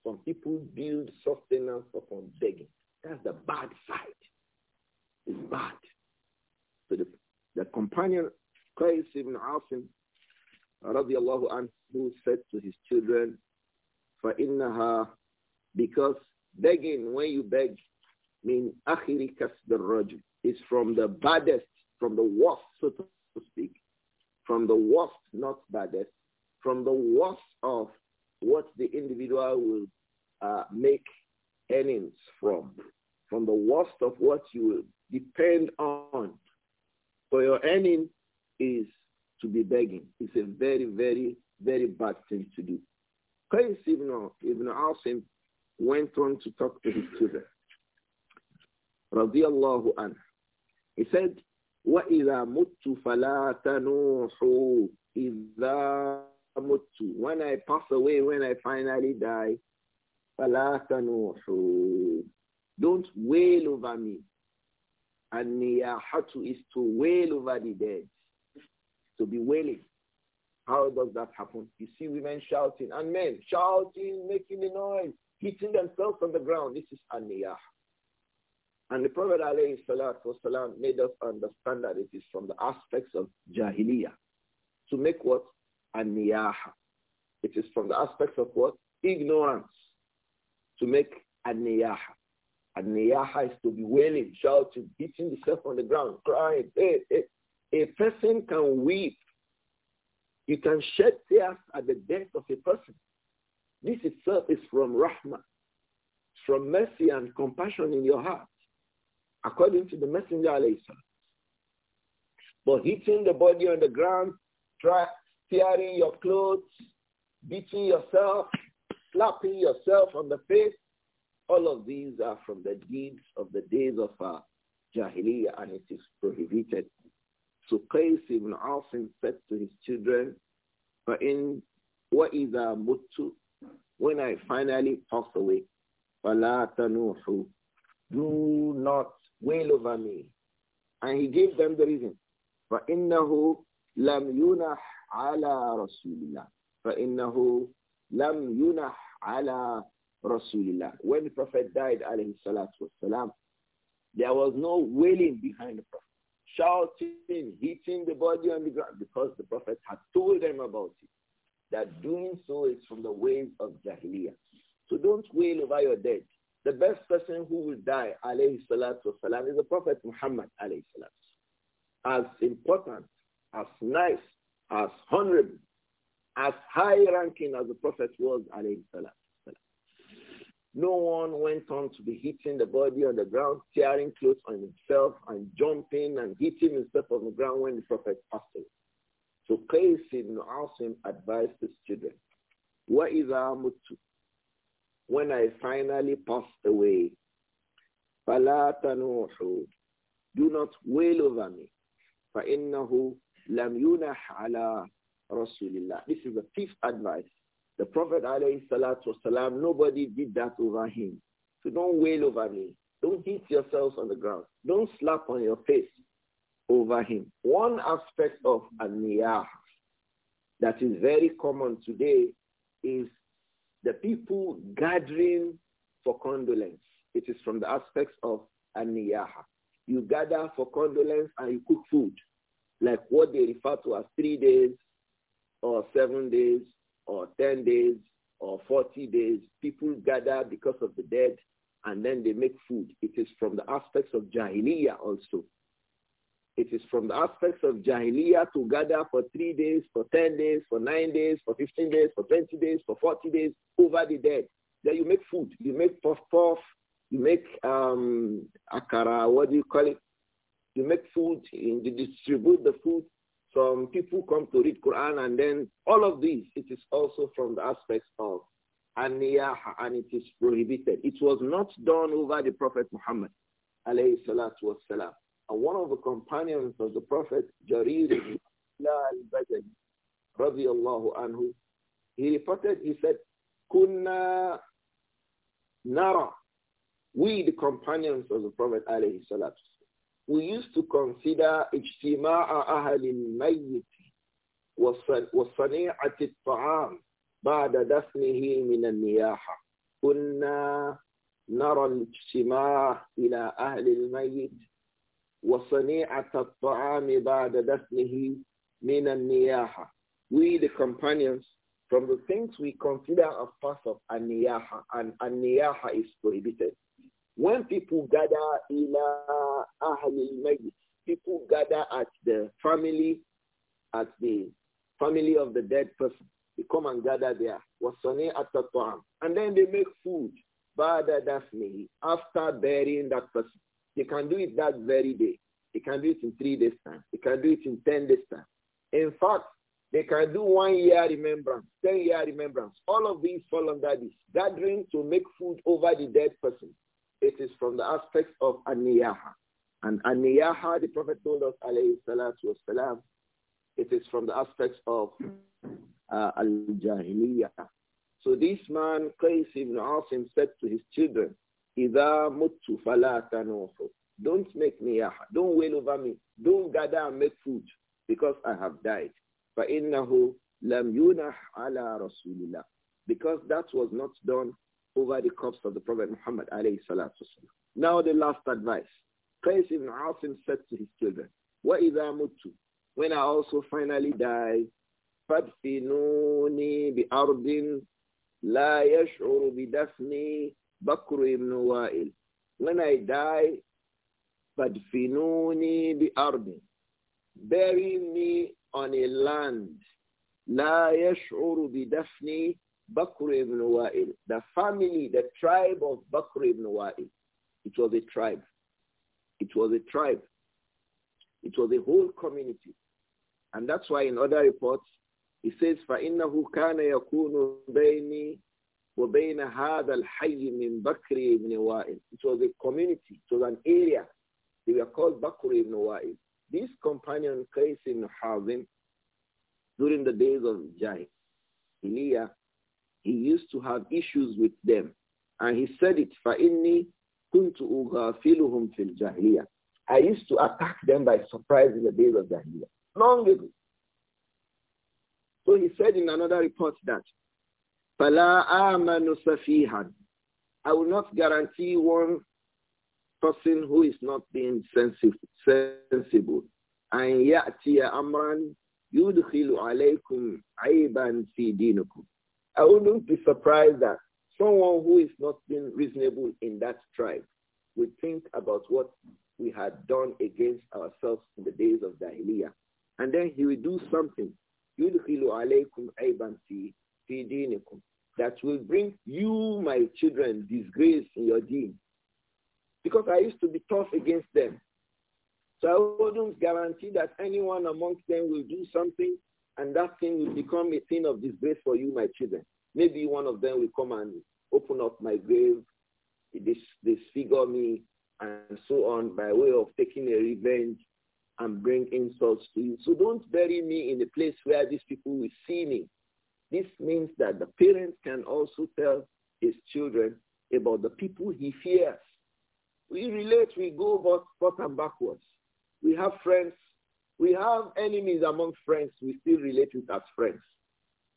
Some people build sustenance upon begging. That's the bad side. It's bad. So the, the companion, Qais ibn Asim, radiallahu anhu, said to his children, فَإِنَّهَا Because begging, when you beg, means akhiri kasb is from the baddest, from the worst, so to speak, from the worst, not baddest, from the worst of what the individual will uh, make earnings from, from the worst of what you will depend on for your earning is to be begging. It's a very, very, very bad thing to do. Qais ibn, ibn Asim went on to talk to his children. Radiallahu anhu. He said, وَإِذَا مُتُّ فَلَا تَنُوحُوا إِذَا amutu, when I pass away, when I finally die, don't wail over me. And niyahatu is to wail over the dead, to be wailing. How does that happen? You see women shouting and men shouting, making a noise, hitting themselves on the ground. This is aniyah. And the Prophet والسلام, made us understand that it is from the aspects of jahiliyah to make what? and niyaha. It is from the aspect of what? Ignorance. To make a niyaha. A niyaha is to be wailing, shouting, beating yourself on the ground, crying. Hey, hey. A person can weep. You can shed tears at the death of a person. This itself is from rahmah, from mercy and compassion in your heart, according to the Messenger of Allah. But hitting the body on the ground, try, tearing your clothes, beating yourself, slapping yourself on the face. All of these are from the deeds of the days of uh, Jahiliyyah and it is prohibited. So Qais ibn Asim said to his children, "But in what is a muttah When I finally pass away, Do not wail over me. And he gave them the reason. innahu lam yunaḥ. على رسول الله فإنه لم ينح على رسول الله when the prophet died عليه الصلاة والسلام there was no wailing behind the prophet shouting hitting the body on the ground because the prophet had told them about it that doing so is from the ways of Jahiliyyah so don't wail over your dead the best person who will die عليه salatu is the prophet muhammad alayhi salatu as important as nice as honorable, as high ranking as the Prophet was, No one went on to be hitting the body on the ground, tearing clothes on himself and jumping and hitting himself on the ground when the Prophet passed away. So Qais ibn Asim advised his children, وَإِذَا مُتُّ When I finally pass away, Do not wail over me. فَإِنَّهُ لم ينح على رسول الله. This is the fifth advice. The Prophet والسلام, nobody did that over him. So don't wail over me. Don't hit yourselves on the ground. Don't slap on your face over him. One aspect of aniyah that is very common today is the people gathering for condolence. It is from the aspects of aniyah. You gather for condolence and you cook food like what they refer to as three days or seven days or 10 days or 40 days. People gather because of the dead and then they make food. It is from the aspects of Jahiliyyah also. It is from the aspects of Jahiliyyah to gather for three days, for 10 days, for nine days, for 15 days, for 20 days, for 40 days over the dead. Then you make food. You make puff puff. You make um, akara. What do you call it? You make food, you distribute the food. Some people come to read Quran and then all of these, it is also from the aspects of aniyaha and it is prohibited. It was not done over the Prophet Muhammad alayhi salatu wasalam. And one of the companions of the Prophet, Jarir al-Bajali, radiallahu anhu, he reported, he said, Kunna nara, we the companions of the Prophet alayhi salatu we used to consider اجتماع أهل الميت وصنيعة الطعام بعد دفنه من النياحة كنا نرى الاجتماع إلى أهل الميت وصنيعة الطعام بعد دفنه من النياحة We the companions from the things we consider as part of an-niyaha and an-niyaha is prohibited when people gather in uh, ahlil people gather at the family, at the family of the dead person. They come and gather there. And then they make food. Bada After burying that person. They can do it that very day. They can do it in three days time. They can do it in ten days time. In fact, they can do one year remembrance, ten year remembrance. All of these fall under this. Gathering to make food over the dead person it is from the aspects of aniyaha. And aniyaha, the Prophet told us, alayhi salatu wasalam, it is from the aspects of uh, al-jahiliyah. So this man, Qais ibn Asim, said to his children, إِذَا مُتُّ فَلَا تَنُوحُ Don't make niyaha. Don't wail over me. Don't gather and make food because I have died. فَإِنَّهُ لَمْ يُنَحْ عَلَى رَسُولِ اللَّهِ Because that was not done over the corpse of the Prophet Muhammad alayhi salatu Now the last advice. Qais ibn Asim said to his children, وَإِذَا مُتُّ When I also finally die, فَدْفِنُونِي بِأَرْضٍ لَا يَشْعُرُ بِدَفْنِي بَكْرُ ibn وَائِلٍ When I die, فَدْفِنُونِي بِأَرْضٍ Bury me on a land لَا يَشْعُرُ بِدَفْنِي Bakr ibn Wa'il, the family, the tribe of Bakr ibn Wa'il. It was a tribe. It was a tribe. It was a whole community. And that's why in other reports, he says, فَإِنَّهُ كَانَ يَكُونُ بَيْنِي وَبَيْنَ هَذَا الْحَيِّ مِنْ بَكْرِ ibn Wa'il. It was a community. It was an area. They were called Bakr ibn Wa'il. This companion, Qais ibn Hazim, during the days of Jahiliyyah, he used to have issues with them. And he said it, فَإِنِّي كُنْتُ أُغَافِلُهُمْ فِي الْجَاهِلِيَةِ I used to attack them by surprise in the days of Jahiliya, long ago. So he said in another report that, فَلَا آمَنُ سَفِيهًا I will not guarantee one person who is not being sensible. أن يأتي أمرا يدخل عليكم عيبا في دينكم I wouldn't be surprised that someone who is not being reasonable in that tribe would think about what we had done against ourselves in the days of Dahiliyyah. And then he will do something that will bring you, my children, disgrace in your deen. Because I used to be tough against them. So I wouldn't guarantee that anyone amongst them will do something and that thing will become a thing of disgrace for you, my children. Maybe one of them will come and open up my grave, dis disfigure me, and so on by way of taking a revenge and bring insults to you. So don't bury me in a place where these people will see me. This means that the parents can also tell his children about the people he fears. We relate, we go forth and backwards. We have friends we have enemies among friends. We still relate with as friends.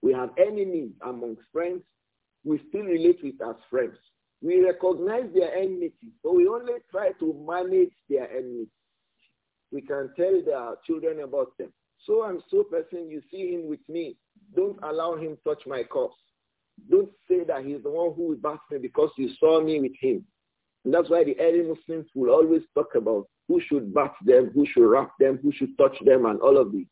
We have enemies among friends. We still relate with as friends. We recognize their enmity, but we only try to manage their enmity. We can tell their children about them. So and so person, you see him with me. Don't allow him touch my cups. Don't say that he's the one who will bath me because you saw me with him. And that's why the early Muslims will always talk about who should bat them, who should wrap them, who should touch them, and all of these.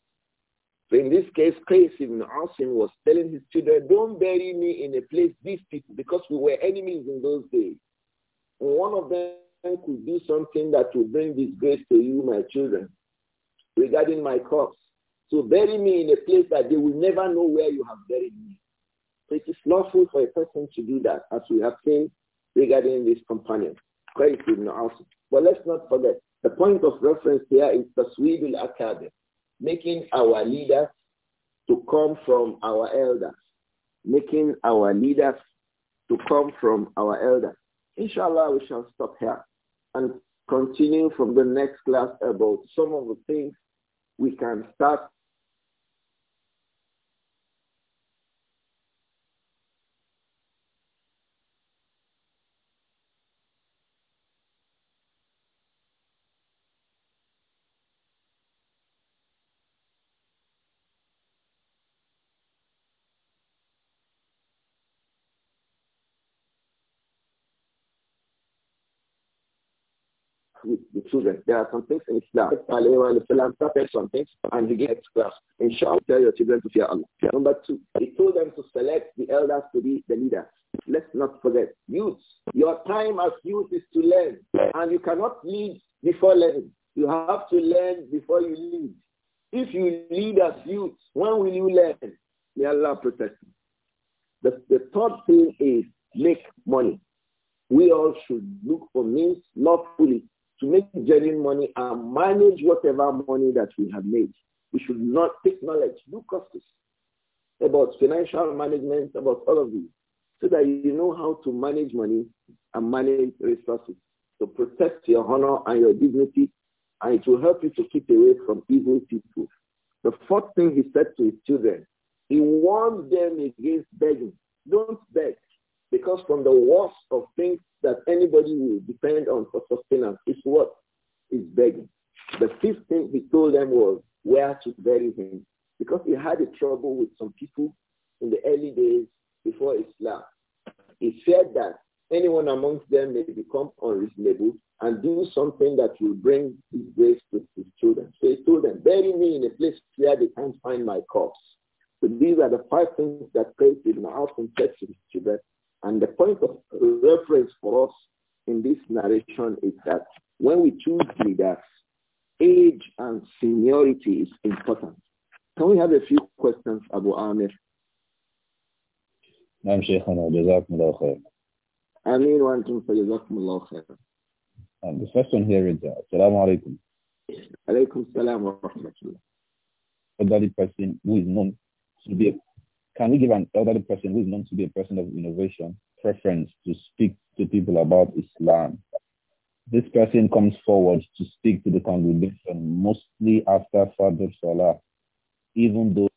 So in this case, Qais ibn Asim was telling his children, don't bury me in a place these people, because we were enemies in those days. And one of them could do something that would bring disgrace to you, my children, regarding my corpse. So bury me in a place that they will never know where you have buried me. So it is lawful for a person to do that, as we have seen regarding this companion, Qais ibn Asim. But let's not forget, the point of reference here is Tasweed al making our leaders to come from our elders, making our leaders to come from our elders. Inshallah, we shall stop here and continue from the next class about some of the things we can start with the children. There are some things in Islam. Islam started some things and he gave class. short, tell your children to fear Allah. Number two, he told them to select the elders to be the leaders. Let's not forget, youth, your time as youth is to learn. And you cannot lead before learning. You have to learn before you lead. If you lead as youth, when will you learn? May Allah protect you. The, the third thing is make money. We all should look for means lawfully to make genuine money and manage whatever money that we have made. We should not take knowledge, do courses about financial management, about all of these, so that you know how to manage money and manage resources to protect your honor and your dignity, and it will help you to keep away from evil people. The fourth thing he said to his children, he warned them against begging. Don't beg. Because from the worst of things that anybody will depend on for sustenance is what? Is begging. The fifth thing he told them was where to bury him. Because he had a trouble with some people in the early days before Islam. He feared that anyone amongst them may become unreasonable and do something that will bring disgrace to his children. So he told them, bury me in a place where they can't find my corpse. So these are the five things that Qais ibn Afan said to his children and the point of reference for us in this narration is that when we choose leaders, age and seniority is important. Can we have a few questions, Abu Amir? نعم شيخنا جزاكم الله خير. آمين وأنتم فجزاكم الله خير. And the question here is uh, Assalamu alaikum. Alaikum salam wa rahmatullah. For that person who is known to can we give an elderly person who is known to be a person of innovation preference to speak to people about Islam? This person comes forward to speak to the congregation mostly after Father Salah, even though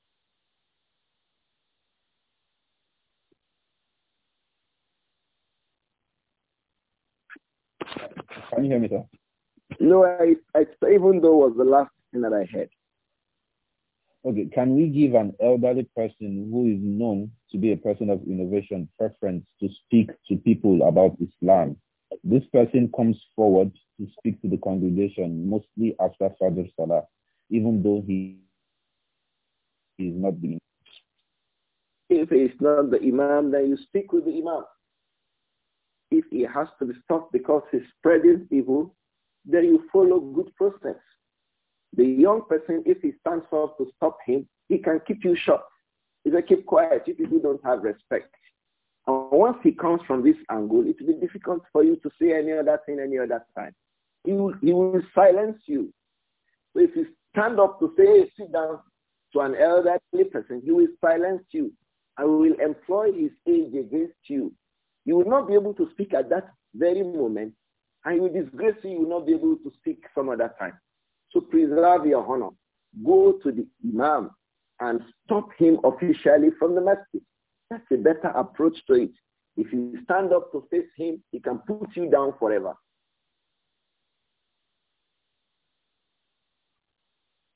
Can you hear me, sir? No, I, I even though it was the last thing that I heard. Okay, can we give an elderly person who is known to be a person of innovation preference to speak to people about Islam? This person comes forward to speak to the congregation mostly after Fajr Salah, even though he is not the If he is not the Imam, then you speak with the Imam. If he has to be stopped because he's spreading evil, then you follow good process the young person, if he stands up to stop him, he can keep you short. He can keep quiet if you don't have respect. And once he comes from this angle, it will be difficult for you to say any other thing any other time. He will, he will silence you. So if you stand up to say, sit down to an elderly person, he will silence you. and will employ his age against you. You will not be able to speak at that very moment, and he will disgrace you. You will not be able to speak some other time to preserve your honor, go to the imam and stop him officially from the masjid. That's a better approach to it. If you stand up to face him, he can put you down forever.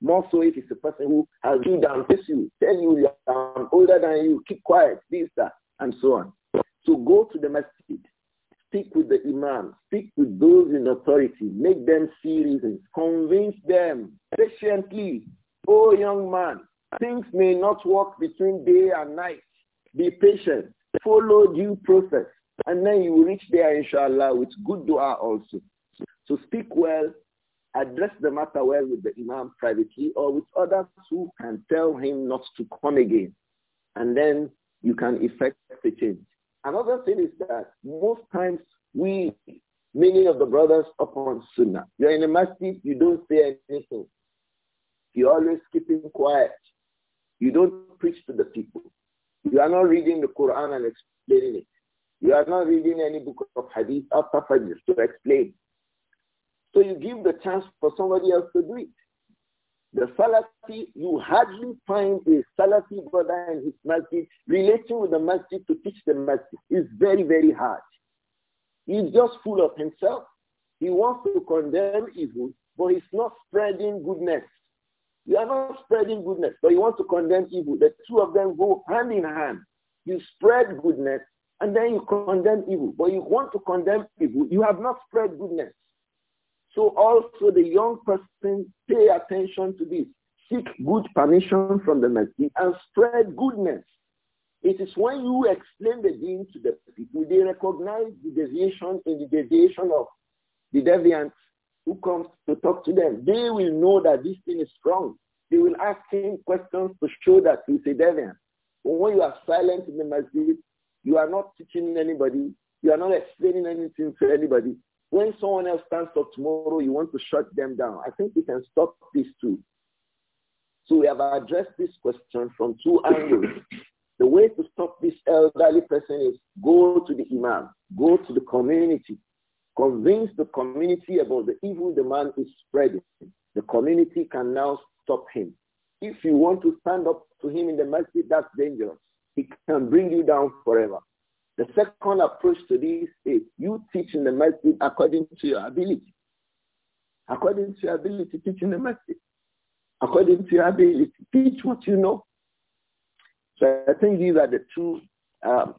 More so if it's a person who has you down, face you, tell you you are older than you, keep quiet, this, that, and so on. So go to the masjid Speak with the imam. Speak with those in authority. Make them see reasons. Convince them patiently. Oh, young man, things may not work between day and night. Be patient. Follow due process. And then you will reach there, inshallah, with good dua also. So speak well. Address the matter well with the imam privately or with others who can tell him not to come again. And then you can effect the change. Another thing is that most times we, many of the brothers upon Sunnah, you're in a masjid, you don't say anything. You're always keeping quiet. You don't preach to the people. You are not reading the Quran and explaining it. You are not reading any book of hadith after Fajr to explain. So you give the chance for somebody else to do it. The Salafi, you hardly find a Salafi brother in his masjid relating with the masjid to teach the masjid. It's very, very hard. He's just full of himself. He wants to condemn evil, but he's not spreading goodness. You are not spreading goodness, but you want to condemn evil. The two of them go hand in hand. You spread goodness, and then you condemn evil. But you want to condemn evil. You have not spread goodness. So also the young person pay attention to this. Seek good permission from the masjid and spread goodness. It is when you explain the deen to the people, they recognize the deviation in the deviation of the deviant who comes to talk to them. They will know that this thing is wrong. They will ask him questions to show that he's a deviant. But when you are silent in the masjid, you are not teaching anybody. You are not explaining anything to anybody. When someone else stands up tomorrow, you want to shut them down. I think we can stop this too. So we have addressed this question from two angles. The way to stop this elderly person is go to the imam, go to the community, convince the community about the evil the man is spreading. The community can now stop him. If you want to stand up to him in the masjid, that's dangerous. He can bring you down forever. The second approach to this is you teach in the masjid according to your ability. According to your ability, teach in the masjid. According to your ability, teach what you know. So I think these are the two um,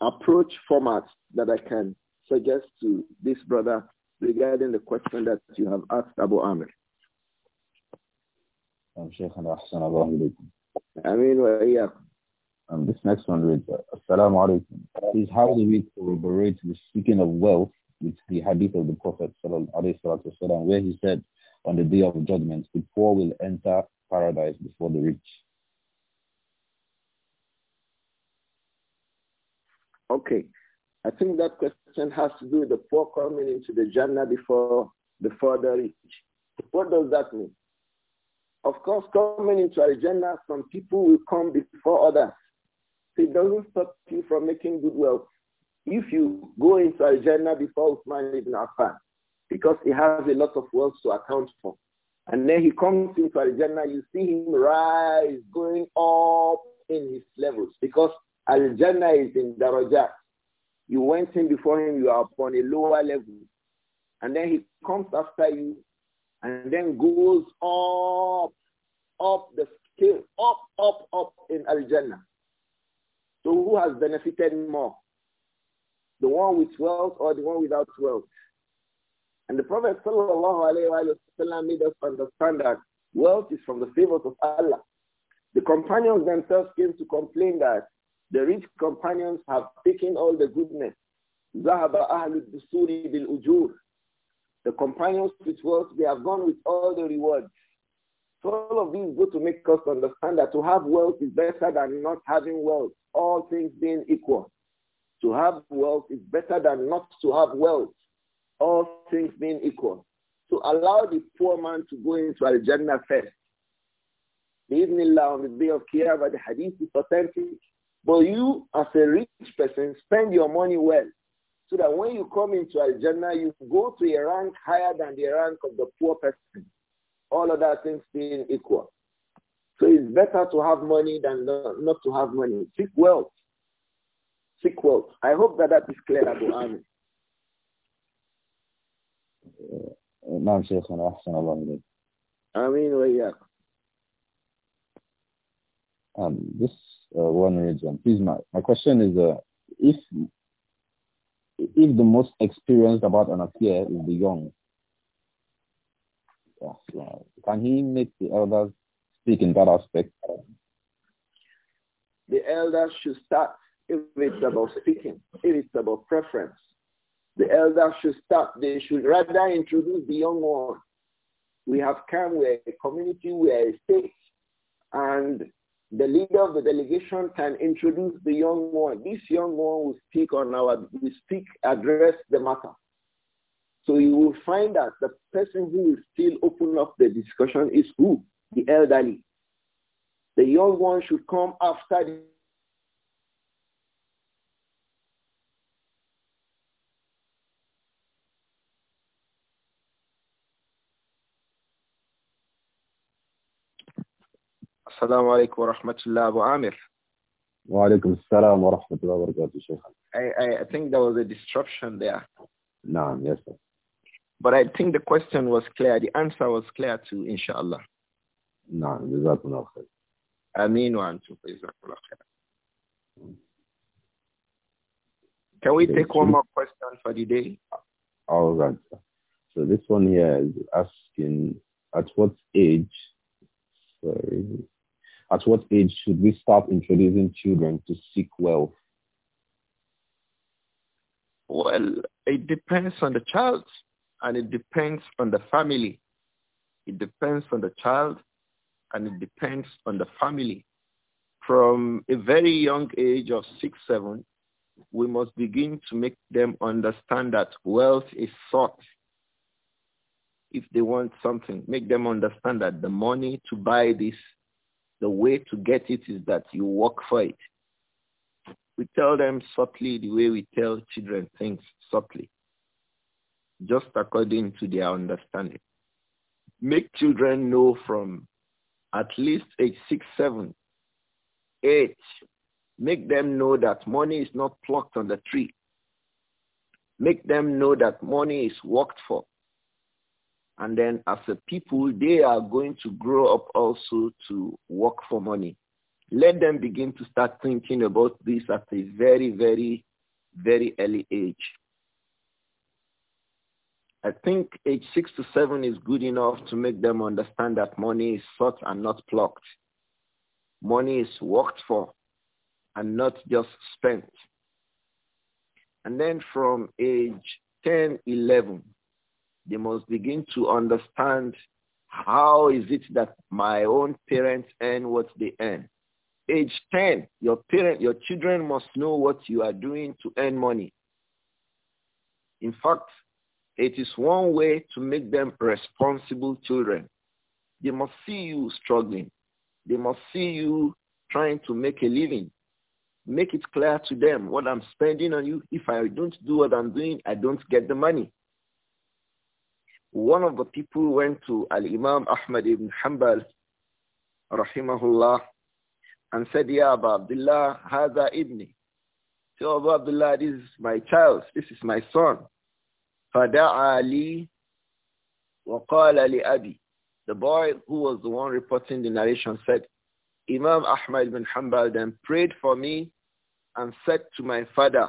approach formats that I can suggest to this brother regarding the question that you have asked Abu Amir. I mean, um, this next one reads, Assalamu alaikum. Is how do we corroborate the speaking of wealth with the hadith of the Prophet wasallam, where he said, on the day of judgment, the poor will enter paradise before the rich. Okay. I think that question has to do with the poor coming into the Jannah before, before the rich. What does that mean? Of course, coming into Al-Jannah, some people will come before others. So it doesn't stop you from making good wealth. If you go into al before Usman ibn Affan, because he has a lot of wealth to account for. And then he comes into al you see him rise, going up in his levels, because al is in Darajat. You went in before him, you are upon a lower level. And then he comes after you, and then goes up, up the scale, up, up, up in Al-Jannah. So who has benefited more? The one with wealth or the one without wealth? And the Prophet وسلم, made us understand that wealth is from the favors of Allah. The companions themselves came to complain that the rich companions have taken all the goodness. The companions with wealth, they have gone with all the rewards. So all of these go to make us understand that to have wealth is better than not having wealth, all things being equal. To have wealth is better than not to have wealth, all things being equal. To allow the poor man to go into Al-Jannah first. Bismillah on the day of Qiyamah, the hadith is authentic. But you, as a rich person, spend your money well so that when you come into Al-Jannah, you go to a rank higher than the rank of the poor person. All other things being equal. So it's better to have money than not to have money. Seek wealth. Seek wealth. I hope that that is clear, Abu Amin. نعم شيخنا أحسن um, this uh, one region. Please, my, my question is, uh, if if the most experienced about an affair is the young, can he make the elders speak in that aspect? The elders should start if it's about speaking, if it's about preference. The elders should start. They should rather introduce the young one. We have come, we're a community, we're a state, and the leader of the delegation can introduce the young one. This young one will speak on our, will speak, address the matter. So you will find that the person who will still open up the discussion is who? The elderly. The young one should come after the السلام عليكم ورحمة الله أبو عامر وعليكم السلام ورحمة الله وبركاته شيخ I, I think there was a disruption there نعم yes sir but I think the question was clear. The answer was clear too, inshallah. No, not khair. I mean one Jazakumullah khair. Can we take one more question for the day? All right. So this one here is asking, at what age, sorry, at what age should we start introducing children to seek wealth? Well, it depends on the child and it depends on the family. It depends on the child and it depends on the family. From a very young age of six, seven, we must begin to make them understand that wealth is sought. If they want something, make them understand that the money to buy this, the way to get it is that you work for it. We tell them subtly the way we tell children things subtly just according to their understanding. Make children know from at least age six, seven, eight. Make them know that money is not plucked on the tree. Make them know that money is worked for. And then as a people, they are going to grow up also to work for money. Let them begin to start thinking about this at a very, very, very early age. I think age six to seven is good enough to make them understand that money is sought and not plucked. Money is worked for and not just spent. And then from age 10, 11, they must begin to understand how is it that my own parents earn what they earn. Age 10, your parent, your children must know what you are doing to earn money. In fact, it is one way to make them responsible children. They must see you struggling. They must see you trying to make a living. Make it clear to them what I'm spending on you. If I don't do what I'm doing, I don't get the money. One of the people went to Al-Imam Ahmad ibn Hanbal, rahimahullah, and said, Ya Abu Abdullah, Haza ibni. So oh, Abu Abdullah, this is my child. This is my son. فَدَعَى لِي وَقَالَ لِأَبِي The boy who was the one reporting the narration said, Imam Ahmad bin Hanbal then prayed for me and said to my father,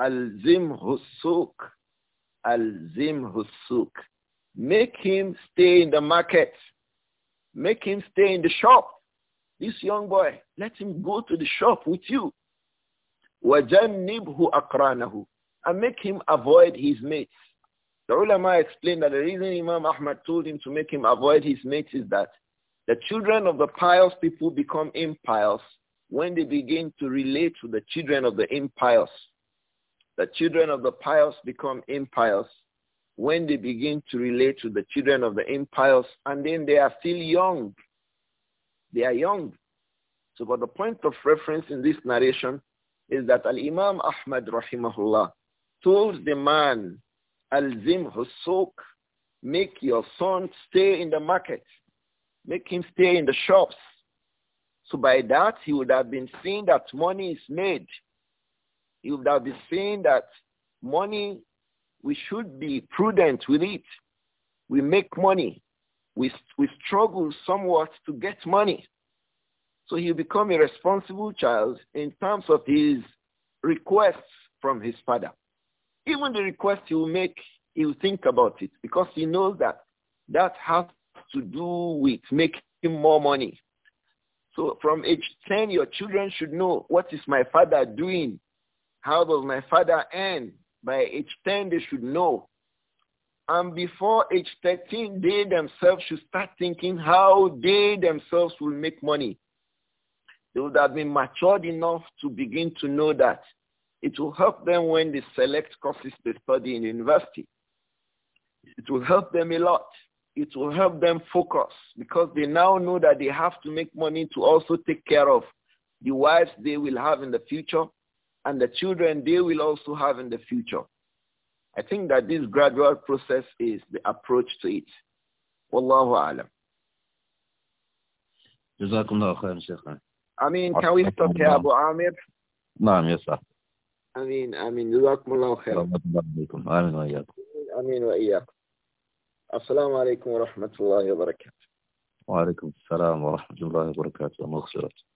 Al-Zim Husuk, Al-Zim Husuk. Make him stay in the market. Make him stay in the shop. This young boy, let him go to the shop with you. وَجَنِّبْهُ أَقْرَانَهُ and make him avoid his mates. The ulama explained that the reason Imam Ahmad told him to make him avoid his mates is that the children of the pious people become impious when they begin to relate to the children of the impious. The children of the pious become impious when they begin to relate to the children of the impious and then they are still young. They are young. So but the point of reference in this narration is that Al-Imam Ahmad rahimahullah told the man, Alzim Husuk, make your son stay in the market. Make him stay in the shops. So by that, he would have been seeing that money is made. He would have been seeing that money, we should be prudent with it. We make money. We, we struggle somewhat to get money. So he become a responsible child in terms of his requests from his father. Even the request he will make, he will think about it because he knows that that has to do with making more money. So from age 10, your children should know what is my father doing? How does my father earn? By age 10, they should know. And before age 13, they themselves should start thinking how they themselves will make money. They would have been matured enough to begin to know that. It will help them when they select courses they study in university. It will help them a lot. It will help them focus because they now know that they have to make money to also take care of the wives they will have in the future and the children they will also have in the future. I think that this gradual process is the approach to it. Wallahu alam. I mean, can we stop here, Abu Amir? No, yes, sir. امين امين جزاكم الله خيرا امين واياكم امين واياكم السلام عليكم ورحمه الله وبركاته وعليكم السلام ورحمه الله وبركاته مغفرة